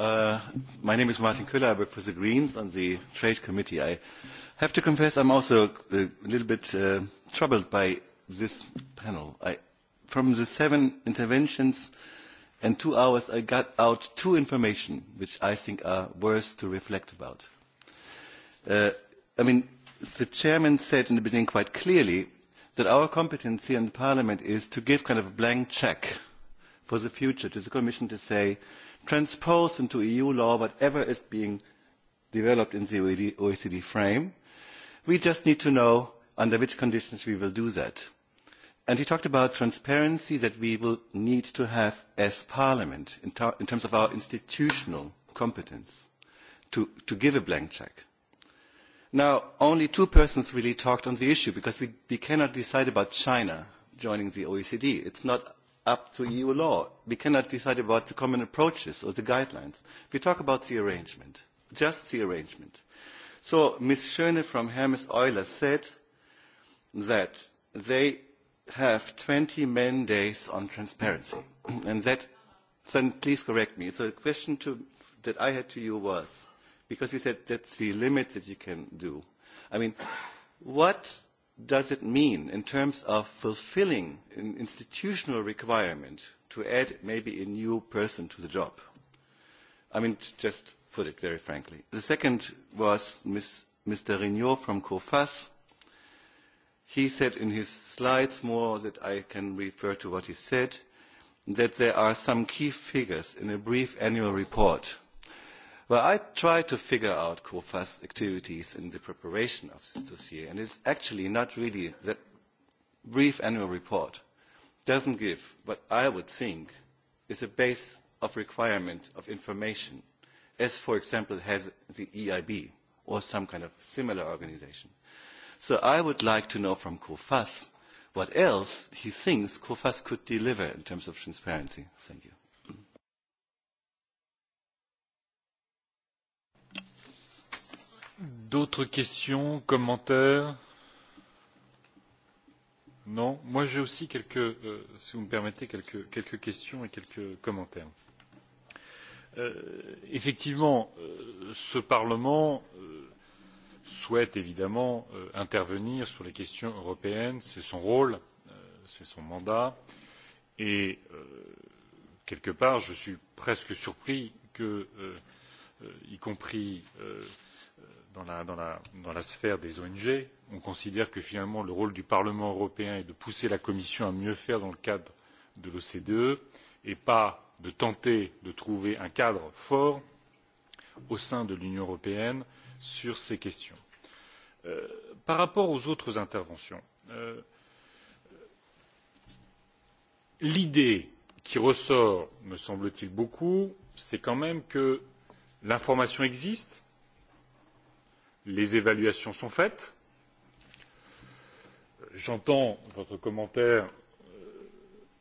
Uh, my name is Martin Köhler. I work for the Greens on the Trade Committee. I have to confess I'm also uh, a little bit uh, troubled by this panel. I, from the seven interventions and two hours, I got out two information which I think are worth to reflect about. Uh, I mean, the chairman said in the beginning quite clearly that our competence here in Parliament is to give kind of a blank check for the future to the Commission to say, transpose into EU law whatever is being developed in the OECD e frame. We just need to know under which conditions we will do that. And he talked about transparency that we will need to have as Parliament in, in terms of our institutional competence to, to give a blank check. Now, only two persons really talked on the issue because we, we cannot decide about China joining the OECD. It's not up to EU law. We cannot decide about the common approaches or the guidelines. We talk about the arrangement, just the arrangement. So Ms. Schöne from Hermes Euler said that they have 20 man days on transparency. and that, then please correct me. So the question to, that I had to you was, because you said that's the limit that you can do. I mean, what does it mean in terms of fulfilling an institutional requirement to add maybe a new person to the job? I mean, to just put it very frankly. The second was Ms. Mr. Rignot from COFAS. He said in his slides more that I can refer to what he said, that there are some key figures in a brief annual report Well, I tried to figure out COFAS activities in the preparation of this dossier, and it's actually not really that brief annual report doesn't give what I would think is a base of requirement of information, as, for example, has the EIB or some kind of similar organization. So I would like to know from COFAS what else he thinks COFAS could deliver in terms of transparency. Thank you. D'autres questions, commentaires Non Moi j'ai aussi quelques, euh, si vous me permettez, quelques, quelques questions et quelques commentaires. Euh, effectivement, euh, ce Parlement euh, souhaite évidemment euh, intervenir sur les questions européennes, c'est son rôle, euh, c'est son mandat, et euh, quelque part je suis presque surpris que, euh, euh, y compris euh, dans la, dans, la, dans la sphère des ong on considère que finalement le rôle du parlement européen est de pousser la commission à mieux faire dans le cadre de l'ocde et pas de tenter de trouver un cadre fort au sein de l'union européenne sur ces questions. Euh, par rapport aux autres interventions euh, l'idée qui ressort me semble t il beaucoup c'est quand même que l'information existe les évaluations sont faites j'entends votre commentaire euh,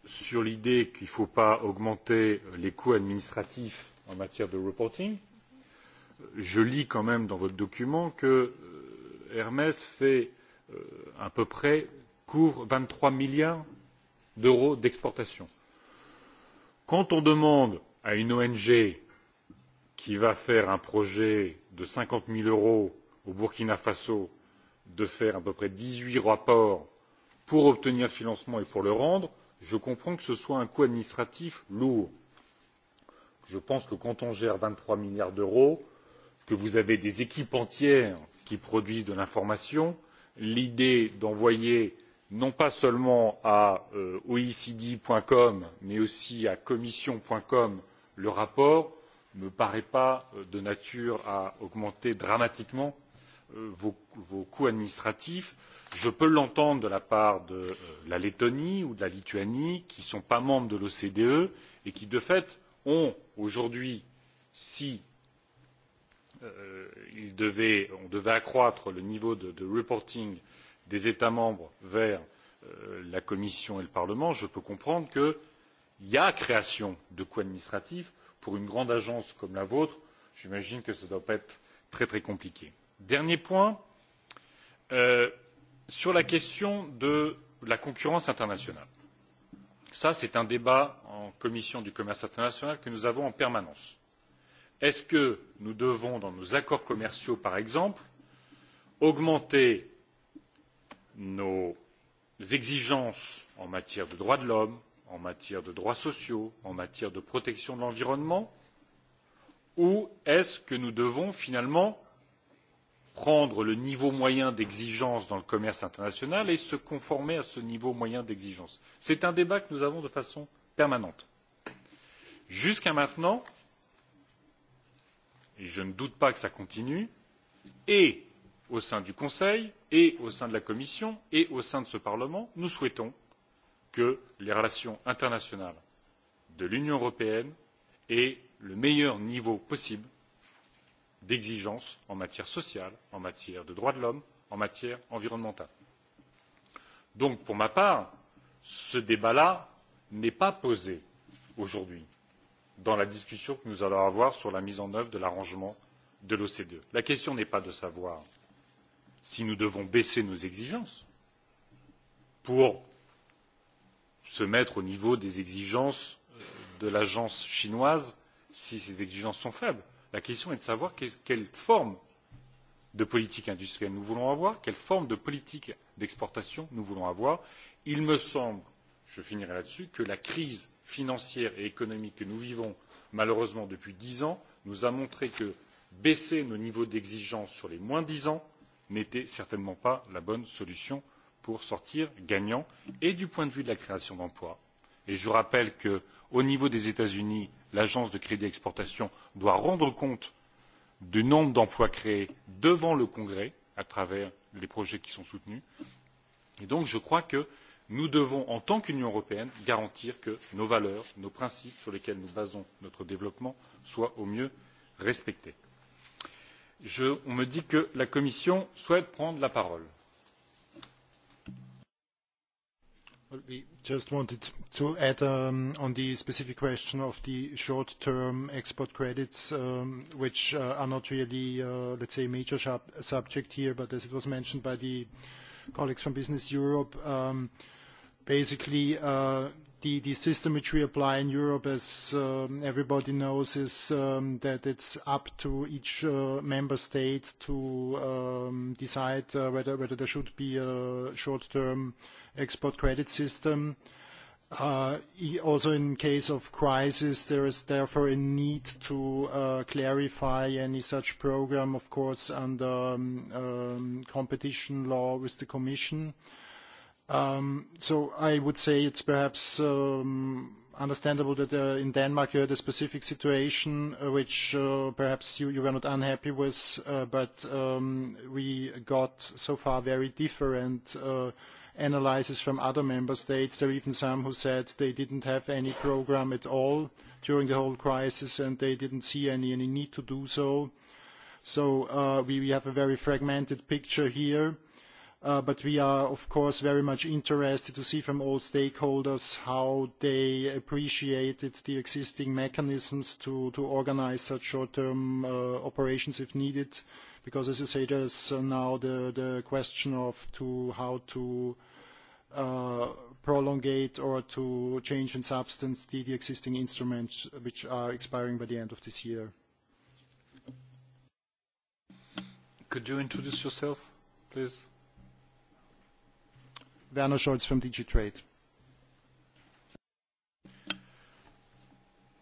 sur l'idée qu'il ne faut pas augmenter les coûts administratifs en matière de reporting je lis quand même dans votre document que euh, hermès fait euh, à peu près couvre vingt trois milliards d'euros d'exportations. quand on demande à une ong qui va faire un projet de cinquante zéro euros au burkina faso de faire à peu près dix huit rapports pour obtenir le financement et pour le rendre je comprends que ce soit un coût administratif lourd. je pense que quand on gère vingt trois milliards d'euros que vous avez des équipes entières qui produisent de l'information l'idée d'envoyer non pas seulement à oecd.com, euh, oecd com mais aussi à commission com le rapport ne me paraît pas euh, de nature à augmenter dramatiquement vos, vos coûts administratifs je peux l'entendre de la part de euh, la lettonie ou de la lituanie qui ne sont pas membres de l'ocde et qui de fait ont aujourd'hui si euh, devait, on devait accroître le niveau de, de reporting des états membres vers euh, la commission et le parlement je peux comprendre qu'il y a création de coûts administratifs pour une grande agence comme la vôtre j'imagine que cela ne doit pas être très très compliqué dernier point euh, sur la question de la concurrence internationale c'est un débat en commission du commerce international que nous avons en permanence est ce que nous devons dans nos accords commerciaux par exemple augmenter nos exigences en matière de droits de l'homme en matière de droits sociaux en matière de protection de l'environnement ou est ce que nous devons finalement prendre le niveau moyen d'exigence dans le commerce international et se conformer à ce niveau moyen d'exigence. c'est un débat que nous avons de façon permanente. jusqu'à maintenant et je ne doute pas que cela continue et au sein du conseil et au sein de la commission et au sein de ce parlement nous souhaitons que les relations internationales de l'union européenne aient le meilleur niveau possible d'exigence en matière sociale en matière de droits de l'homme en matière environnementale. donc pour ma part ce débat là n'est pas posé aujourd'hui dans la discussion que nous allons avoir sur la mise en œuvre de l'arrangement de l'ocde. la question n'est pas de savoir si nous devons baisser nos exigences pour se mettre au niveau des exigences de l'agence chinoise si ces exigences sont faibles la question est de savoir quelle forme de politique industrielle nous voulons avoir quelle forme de politique d'exportation nous voulons avoir. il me semble je finirai là dessus que la crise financière et économique que nous vivons malheureusement depuis dix ans nous a montré que baisser nos niveaux d'exigence sur les moins dix ans n'était certainement pas la bonne solution pour sortir gagnant et du point de vue de la création d'emplois et je rappelle que au niveau des états unis l'agence de crédit d'exportation doit rendre compte du nombre d'emplois créés devant le congrès à travers les projets qui sont soutenus et donc je crois que nous devons en tant qu'union européenne garantir que nos valeurs nos principes sur lesquels nous basons notre développement soient au mieux respectés. on me dit que la commission souhaite prendre la parole. we just wanted to add um, on the specific question of the short-term export credits, um, which uh, are not really, uh, let's say, a major subject here, but as it was mentioned by the colleagues from Business Europe, um, basically, uh, the, system which we apply in Europe, as everybody knows, is that it's up to each member state to decide whether, whether there should be a short-term export credit system. Uh, e, also in case of crisis, there is therefore a need to uh, clarify any such program, of course, under um, um, competition law with the Commission. Um, so I would say it's perhaps understandable that uh, in Denmark you had a specific situation which perhaps you, were not unhappy with, but we got so far very different analysis from other member states. There are even some who said they didn't have any program at all during the whole crisis and they didn't see any, need to do so. So uh, we, have a very fragmented picture here. Uh, but we are, of course, very much interested to see from all stakeholders how they appreciated the existing mechanisms to, organize such short-term uh, operations if needed, because as you say, there's now the, question of how to Uh, prolongate or to change in substance the, the existing instruments which are expiring by the end of this year. Could you introduce yourself, please? Werner Scholz from DigiTrade.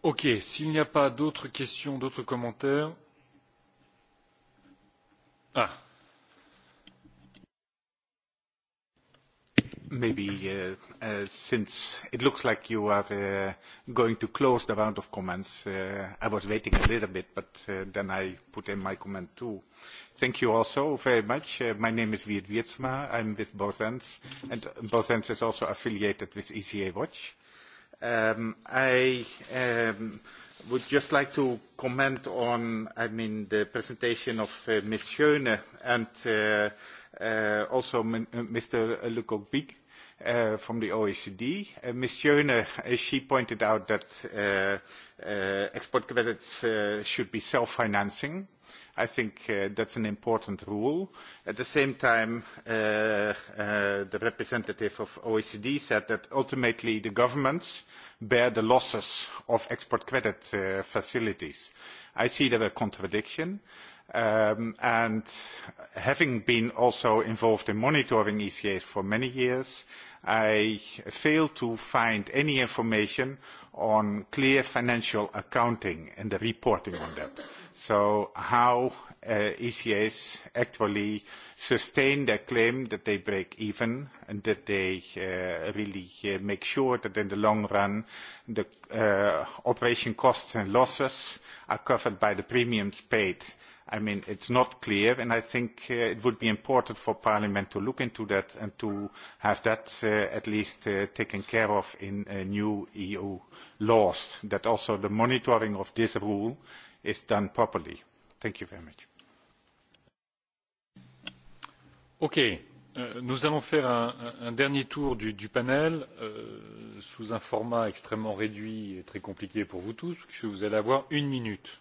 Ok, s'il n'y a pas d'autres questions, d'autres commentaires. Ah, Maybe uh, uh, since it looks like you are uh, going to close the round of comments, uh, I was waiting a little bit, but uh, then I put in my comment too. Thank you also very much. Uh, my name is Wiert Wiertsma. I'm with Bozens, and Bozens is also affiliated with ECA Watch. Um, I um, would just like to comment on, I mean, the presentation of Ms. Schöne and uh, also Mr. Lukovic uh, from the OECD. Uh, eh, Ms. Schöne, uh, eh, she pointed out that uh, uh, export credits uh, should be self-financing. I think uh, that's an important rule. At the same time, uh, uh, the representative of OECD said that ultimately the governments bear the losses of export credit uh, facilities. I see there a contradiction. Uh, Um, and having been also involved in monitoring ECAs for many years, I failed to find any information on clear financial accounting and the reporting on that. So how uh, ECAs actually sustain their claim that they break even and that they uh, really uh, make sure that in the long run the uh, operation costs and losses are covered by the premiums paid uh, I mean, it's not clear, and I think uh, it would be important for Parliament to look into that and to have that uh, at least uh, taken care of in uh, new EU laws, that also the monitoring of this rule is done properly. Thank you very much. Okay. Euh, nous allons faire un, un dernier tour du, du panel euh, sous un format extrêmement réduit et très compliqué pour vous tous puisque vous allez avoir une minute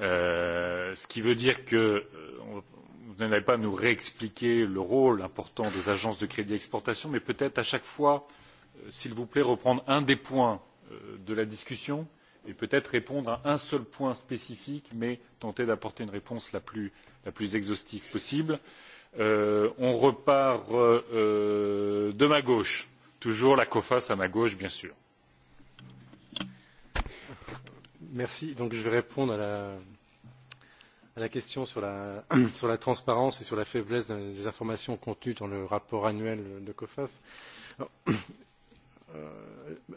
Euh, ce qui veut dire que euh, vous n'allez pas nous réexpliquer le rôle important des agences de crédit exportation mais peut être à chaque fois euh, s'il vous plaît reprendre un des points de la discussion et peut être répondre à un seul point spécifique mais tenter d'apporter une réponse la plus, exhaustive possible. on repart de ma gauche toujours la coface à ma gauche bien sûr Merci. Donc, je vais répondre à la, à la question sur la, sur la transparence et sur la faiblesse des informations contenues dans le rapport annuel de COFAS. Alors, euh,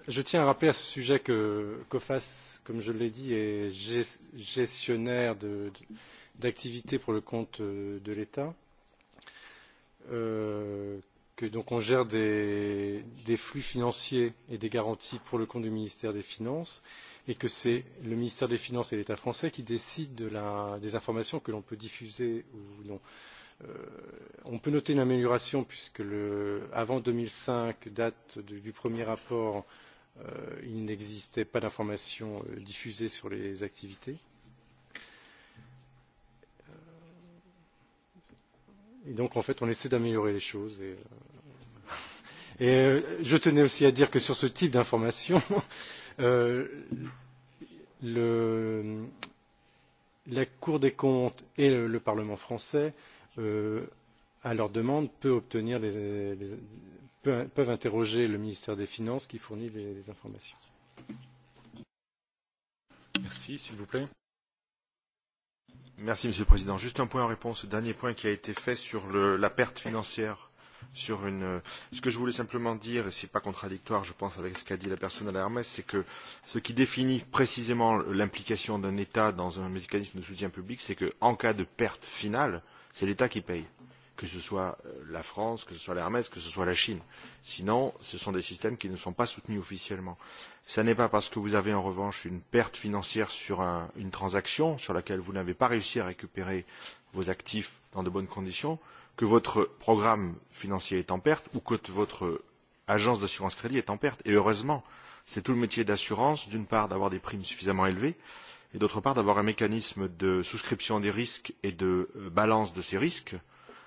je tiens à rappeler à ce sujet que COFAS, comme je l'ai dit, est gestionnaire d'activités pour le compte euh, de l'État. Euh, que donc on gère des, des flux financiers et des garanties pour le compte du ministère des Finances et que c'est le ministère des Finances et l'État français qui décident de la, des informations que l'on peut diffuser ou non. Euh, on peut noter une amélioration puisque le, avant 2005, date de, du premier rapport, euh, il n'existait pas d'informations euh, diffusées sur les activités. Et donc, en fait, on essaie d'améliorer les choses. Et, euh, et euh, je tenais aussi à dire que sur ce type d'information, euh, la Cour des comptes et le, le Parlement français, euh, à leur demande, peut obtenir les, les, peut, peuvent interroger le ministère des Finances qui fournit les, les informations. Merci, s'il vous plaît. Merci, Monsieur le Président. Juste un point en réponse au dernier point qui a été fait sur le, la perte financière. Sur une, ce que je voulais simplement dire, et ce n'est pas contradictoire, je pense, avec ce qu'a dit la personne à la Hermès, c'est que ce qui définit précisément l'implication d'un État dans un mécanisme de soutien public, c'est qu'en cas de perte finale, c'est l'État qui paye que ce soit euh, la France, que ce soit l'Hermès, que ce soit la Chine. Sinon, ce sont des systèmes qui ne sont pas soutenus officiellement. Ce n'est pas parce que vous avez en revanche une perte financière sur un, une transaction sur laquelle vous n'avez pas réussi à récupérer vos actifs dans de bonnes conditions que votre programme financier est en perte ou que votre agence d'assurance crédit est en perte. Et heureusement, c'est tout le métier d'assurance, d'une part, d'avoir des primes suffisamment élevées et d'autre part, d'avoir un mécanisme de souscription des risques et de euh, balance de ces risques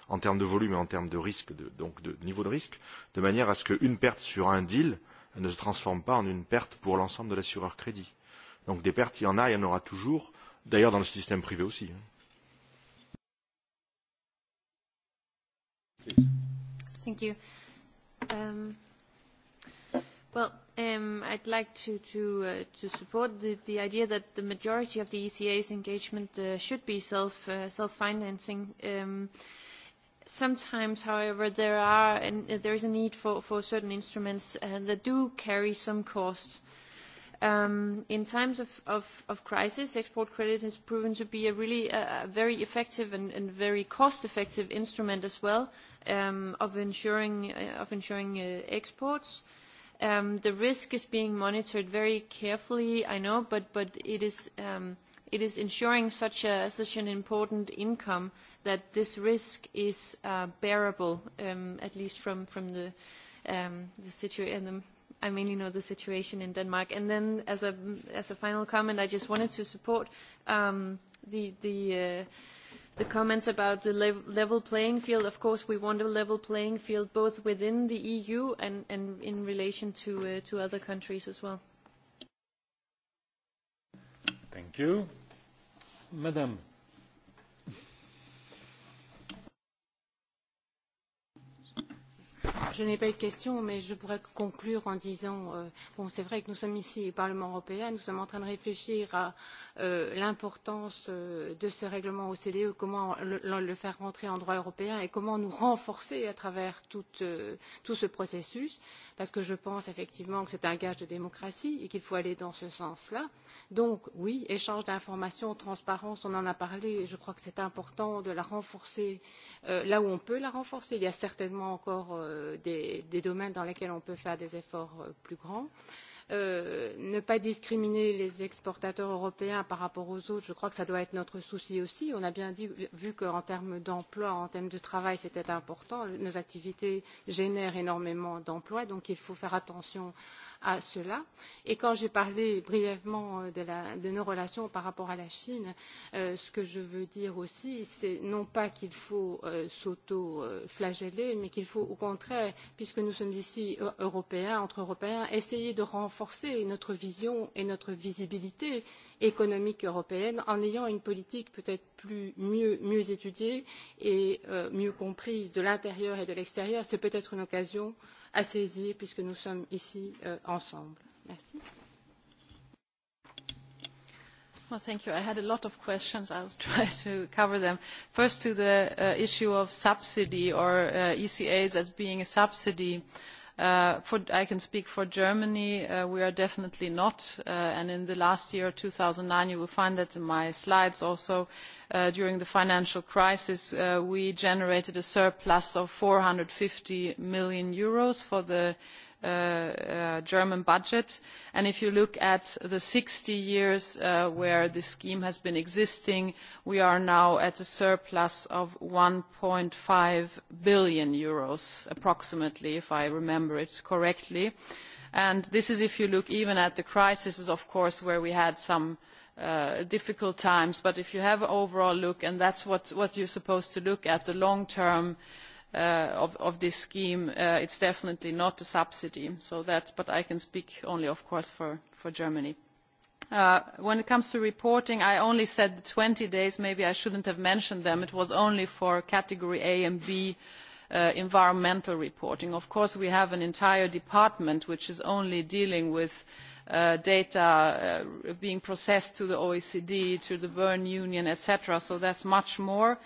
en termes de volume et en termes de risque, de, donc de niveau de risque, de manière à ce qu'une perte sur un deal ne se transforme pas en une perte pour l'ensemble de l'assureur crédit. Donc des pertes, il y en a, il y en aura toujours, d'ailleurs dans le système privé aussi. Thank you. Um, well, um, I'd like to, to, uh, to support the, the idea that the majority of the ECA's engagement uh, should be self, uh, self-financing. Um, sometimes, however, there are and there is a need for, for certain instruments uh, that do carry some cost. Um, in times of, of, of crisis, export credit has proven to be a really uh, very effective and, and very cost-effective instrument as well um, of ensuring, uh, of ensuring uh, exports. Um, the risk is being monitored very carefully, I know, but, but it is. Um, it is ensuring such, a, such an important income that this risk is uh, bearable, um, at least from, from the, um, the situation. Um, I mainly know the situation in Denmark. And then as a, as a final comment, I just wanted to support um, the, the uh, the comments about the lev level playing field. Of course, we want a level playing field both within the EU and, and in relation to, uh, to other countries as well. Thank you. Madame. je n'ai pas eu de question mais je pourrais conclure en disant euh, bon c'est vrai que nous sommes ici au parlement européen nous sommes en train de réfléchir à euh, l'importance euh, de ce règlement ocde comment le, le faire rentrer en droit européen et comment nous renforcer à travers tout, euh, tout ce processus parce que je pense effectivement que c'est un gage de démocratie et qu'il faut aller dans ce sens là. Euh, Donc oui, échange d'informations, transparence, on en a parlé et je crois que c'est important de la renforcer euh, là où on peut la renforcer. Il y a certainement encore euh, des, domaines dans lesquels on peut faire des efforts euh, plus grands. ne pas discriminer les exportateurs européens par rapport aux autres, je crois que ça doit être notre souci aussi. On a bien dit, vu qu'en termes d'emploi, en termes de travail, c'était important. Nos activités génèrent énormément d'emplois, donc il faut faire attention à à cela. Et quand j'ai parlé brièvement euh, de, la, de nos relations par rapport à la Chine, euh, ce que je veux dire aussi, c'est non pas qu'il faut euh, s'auto-flageller, mais qu'il faut au contraire, puisque nous sommes ici euh, européens, entre Européens, essayer de renforcer notre vision et notre visibilité économique européenne en ayant une politique peut-être plus mieux, mieux étudiée et euh, mieux comprise de l'intérieur et de l'extérieur. C'est peut-être une occasion euh, à saisir puisque nous sommes ici euh, ensemble. Merci. Well, thank you. I had a lot of questions. I'll try to cover them. First, to the uh, issue of subsidy or uh, ECAs as being a subsidy. Uh, Uh, for, I can speak for Germany. Uh, we are definitely not. Uh, and in the last year, 2009, you will find that in my slides also, uh, during the financial crisis, uh, we generated a surplus of 450 million euros for the Uh, uh, German budget. And if you look at the 60 years uh, where the scheme has been existing, we are now at a surplus of 1.5 billion euros, approximately, if I remember it correctly. And this is if you look even at the crisis, of course, where we had some Uh, difficult times but if you have an overall look and that's what, what you're supposed to look at the long term uh, Uh, of, of this scheme uh, it's definitely not a subsidy so that's but i can speak only of course for for germany uh, when it comes to reporting, I only said 20 days. Maybe I shouldn't have mentioned them. It was only for category A and B uh, environmental reporting. Of course, we have an entire department which is only dealing with Uh, data uh, being processed to the OECD, to the Berne Union, etc. So that's much more.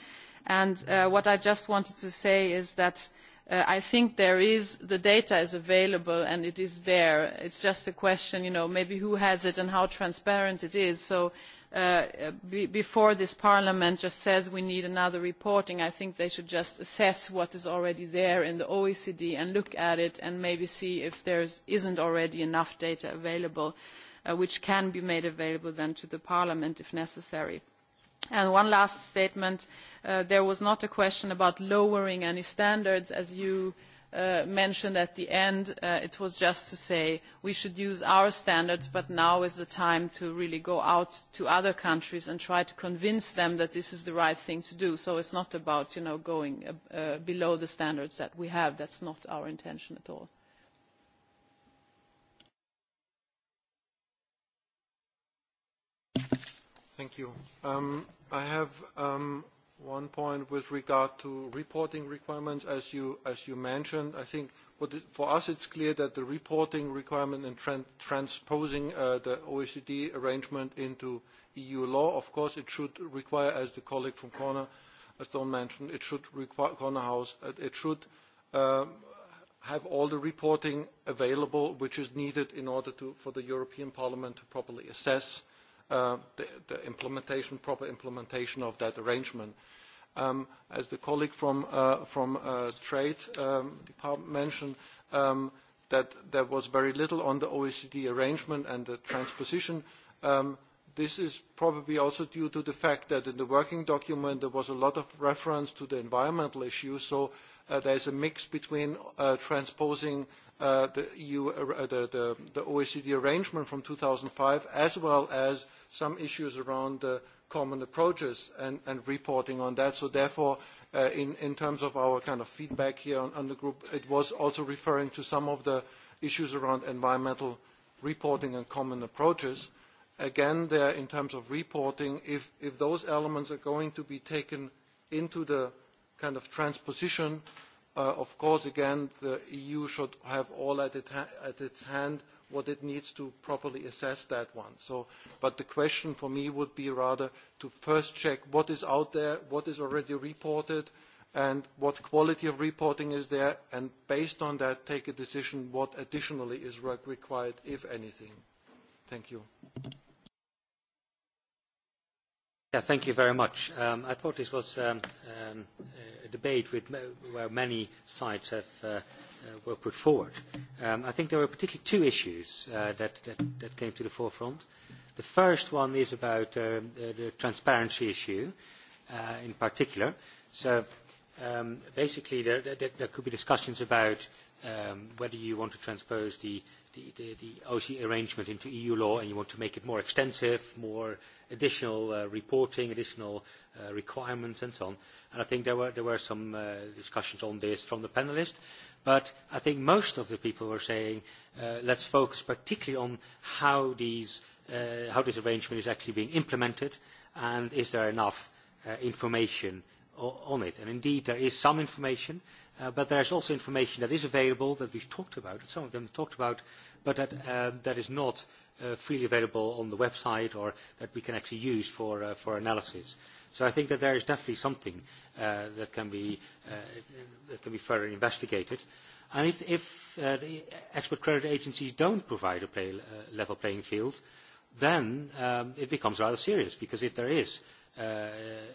And uh, what I just wanted to say is that uh, I think there is, the data is available and it is there. It's just a question, you know, maybe who has it and how transparent it is. So uh, before this parliament just says we need another reporting, I think they should just assess what is already there in the OECD and look at it and maybe see if there isn't already enough data available, uh, which can be made available then to the parliament if necessary one last statement. Uh, there was not a question about lowering any standards, as you uh, mentioned at the end. Uh, it was just to say we should use our standards, but now is the time to really go out to other countries and try to convince them that this is the right thing to do. So it's not about you know, going below the standards that we have. That's not our intention at all. Thank you. Um, I have um, one point with regard to reporting requirements, as you, as you mentioned. I think what it, for us it's clear that the reporting requirement and tran transposing uh, the OECD arrangement into EU law, of course, it should require, as the colleague from Corner, as Don mentioned, it should require Corner House, it should um, have all the reporting available which is needed in order to, for the European Parliament to properly assess Uh, the, the implementation, proper implementation of that arrangement. Um, as the colleague from, uh, from uh, Trade um, Department mentioned, um, that there was very little on the OECD arrangement and the transposition. Um, this is probably also due to the fact that in the working document there was a lot of reference to the environmental issues, so uh, there is a mix between uh, transposing uh, the, EU, uh, the, the, the OECD arrangement from 2005 as well as some issues around uh, common approaches and, and reporting on that. So therefore, uh, in, in terms of our kind of feedback here on, on the group, it was also referring to some of the issues around environmental reporting and common approaches. Again, there in terms of reporting, if, if those elements are going to be taken into the kind of transposition, uh, of course, again, the EU should have all at, it ha at its hand uh, what it needs to properly assess that one. So, but the question for me would be rather to first check what is out there, what is already reported, and what quality of reporting is there, and based on that, take a decision what additionally is required, if anything. Thank you. Yeah, thank you very much. Um, I thought this was um, um, a debate with, where many sides have, uh, uh, were put forward. Um, I think there were particularly two issues uh, that, that, that came to the forefront. The first one is about uh, the, the transparency issue uh, in particular. So um, basically there, there, there could be discussions about um, whether you want to transpose the, the, the, the OC arrangement into EU law and you want to make it more extensive, more uh, additional uh, reporting, additional uh, requirements and so on. And I think there were, there were some uh, discussions on this from the panelists. But I think most of the people were saying, uh, let's focus particularly on how, these, uh, how this arrangement is actually being implemented and is there enough uh, information on it. And indeed, there is some information, uh, but there's also information that is available that we've talked about, that some of them talked about, but that, uh, that is not uh, freely available on the website or that we can actually use for, uh, for analysis. So I think that there is definitely something uh, that, can be, uh, that can be further investigated. And if, if uh, the expert credit agencies don't provide a play, uh, level playing field, then um, it becomes rather serious because if there is uh,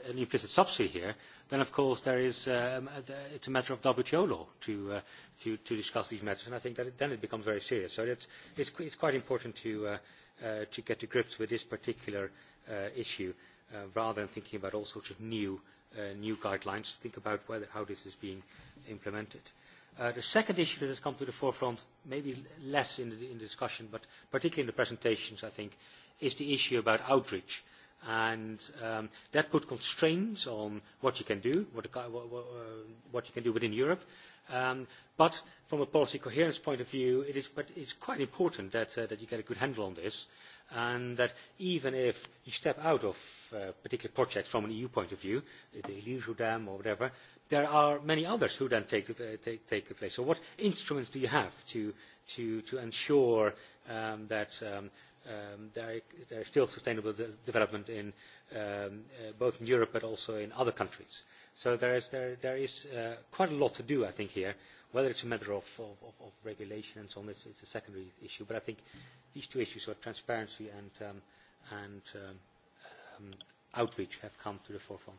an implicit subsidy here, then of course there is, um, uh, it's a matter of WTO law to, uh, to, to discuss these matters, and I think that it, then it becomes very serious. So it's, it's, it's quite important to, uh, uh, to get to grips with this particular uh, issue uh, rather than thinking about all sorts of new, uh, new guidelines. Think about whether, how this is being implemented. Uh, the second issue that has come to the forefront, maybe less in the, in the discussion, but particularly in the presentations, I think, is the issue about outreach and um, that put constraints on what you can do, what, uh, what you can do within Europe. Um, but from a policy coherence point of view, it is but it's quite important that, uh, that you get a good handle on this, and that even if you step out of a uh, particular project from an EU point of view, the Illusio Dam or whatever, there are many others who then take, uh, take, take the place. So what instruments do you have to, to, to ensure um, that um, um, there, there's still sustainable de development in um, uh, both in Europe but also in other countries. So there is, there, there is uh, quite a lot to do, I think, here. Whether it's a matter of, of, of regulation and so on, it's, it's a secondary issue. But I think these two issues, so transparency and, um, and um, um, outreach, have come to the forefront.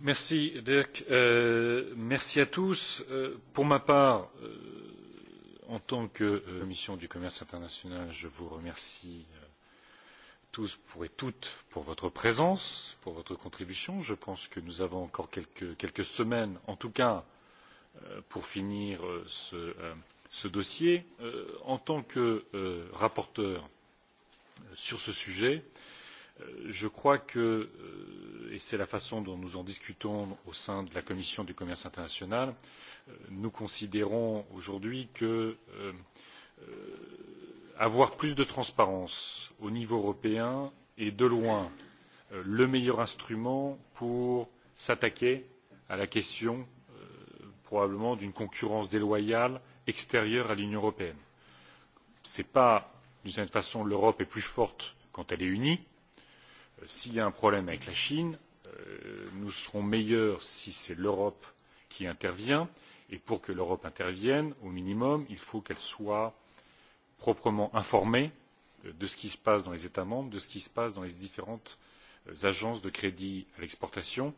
Merci, Dirk. Euh, merci à tous. Euh, pour ma part, euh, en tant que commission euh, du commerce international, je vous remercie euh, tous pour et toutes pour votre présence, pour votre contribution. Je pense que nous avons encore quelques, quelques semaines, en tout cas, euh, pour finir ce, ce dossier. En tant que rapporteur sur ce sujet, euh, Euh, je crois que euh, et c'est la façon dont nous en discutons au sein de la commission du commerce international euh, nous considérons aujourd'hui que euh, avoir plus de transparence au niveau européen est de loin le meilleur instrument pour s'attaquer à la question euh, probablement d'une concurrence déloyale extérieure à l'union européenne. ce n'est pas d'une certaine façon l'europe est plus forte quand elle est unie Euh, s'il y a un problème avec la Chine, euh, nous serons meilleurs si c'est l'Europe qui intervient. Et pour que l'Europe intervienne, au minimum, il faut qu'elle soit proprement informée euh, de ce qui se passe dans les États membres, de ce qui se passe dans les différentes agences de crédit à l'exportation.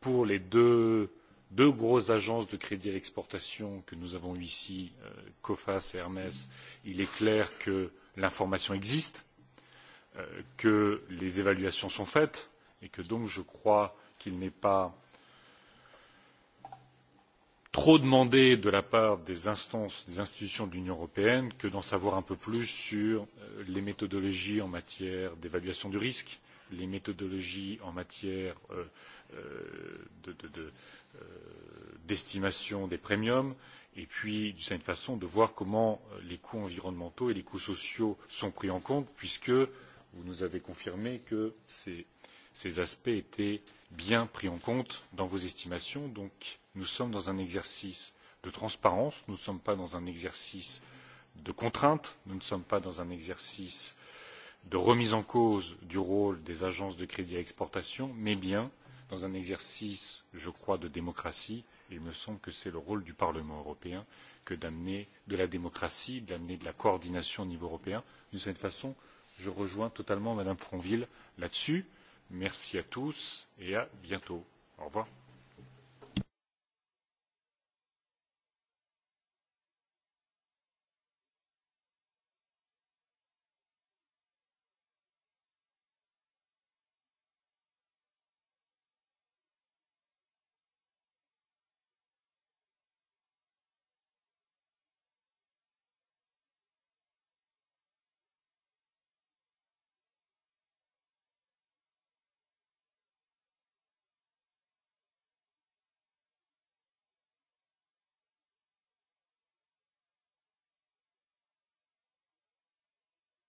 Pour les deux, grosses agences de crédit à l'exportation que nous avons ici, COFAS et hermes il est clair que l'information existe Euh, que les évaluations sont faites et que donc je crois qu'il n'est pas trop demandé de la part des instances des institutions de l'union européenne que d'en savoir un peu plus sur euh, les méthodologies en matière d'évaluation du risque les méthodologies en matière d'estimation euh, de, de, de, des premiums et puis d'une certaine façon de voir comment les coûts environnementaux et les coûts sociaux sont pris en compte puisque vous nous avez confirmé que ces, ces aspects étaient bien pris en compte dans vos estimations. Donc, nous sommes dans un exercice de transparence, nous ne sommes pas dans un exercice de contrainte, nous ne sommes pas dans un exercice de remise en cause du rôle des agences de crédit à exportation, mais bien dans un exercice, je crois, de démocratie. Et il me semble que c'est le rôle du Parlement européen que d'amener de la démocratie, d'amener de la coordination au niveau européen. D'une certaine façon, je rejoins totalement mme frontville là dessus. merci à tous et à bientôt. au revoir.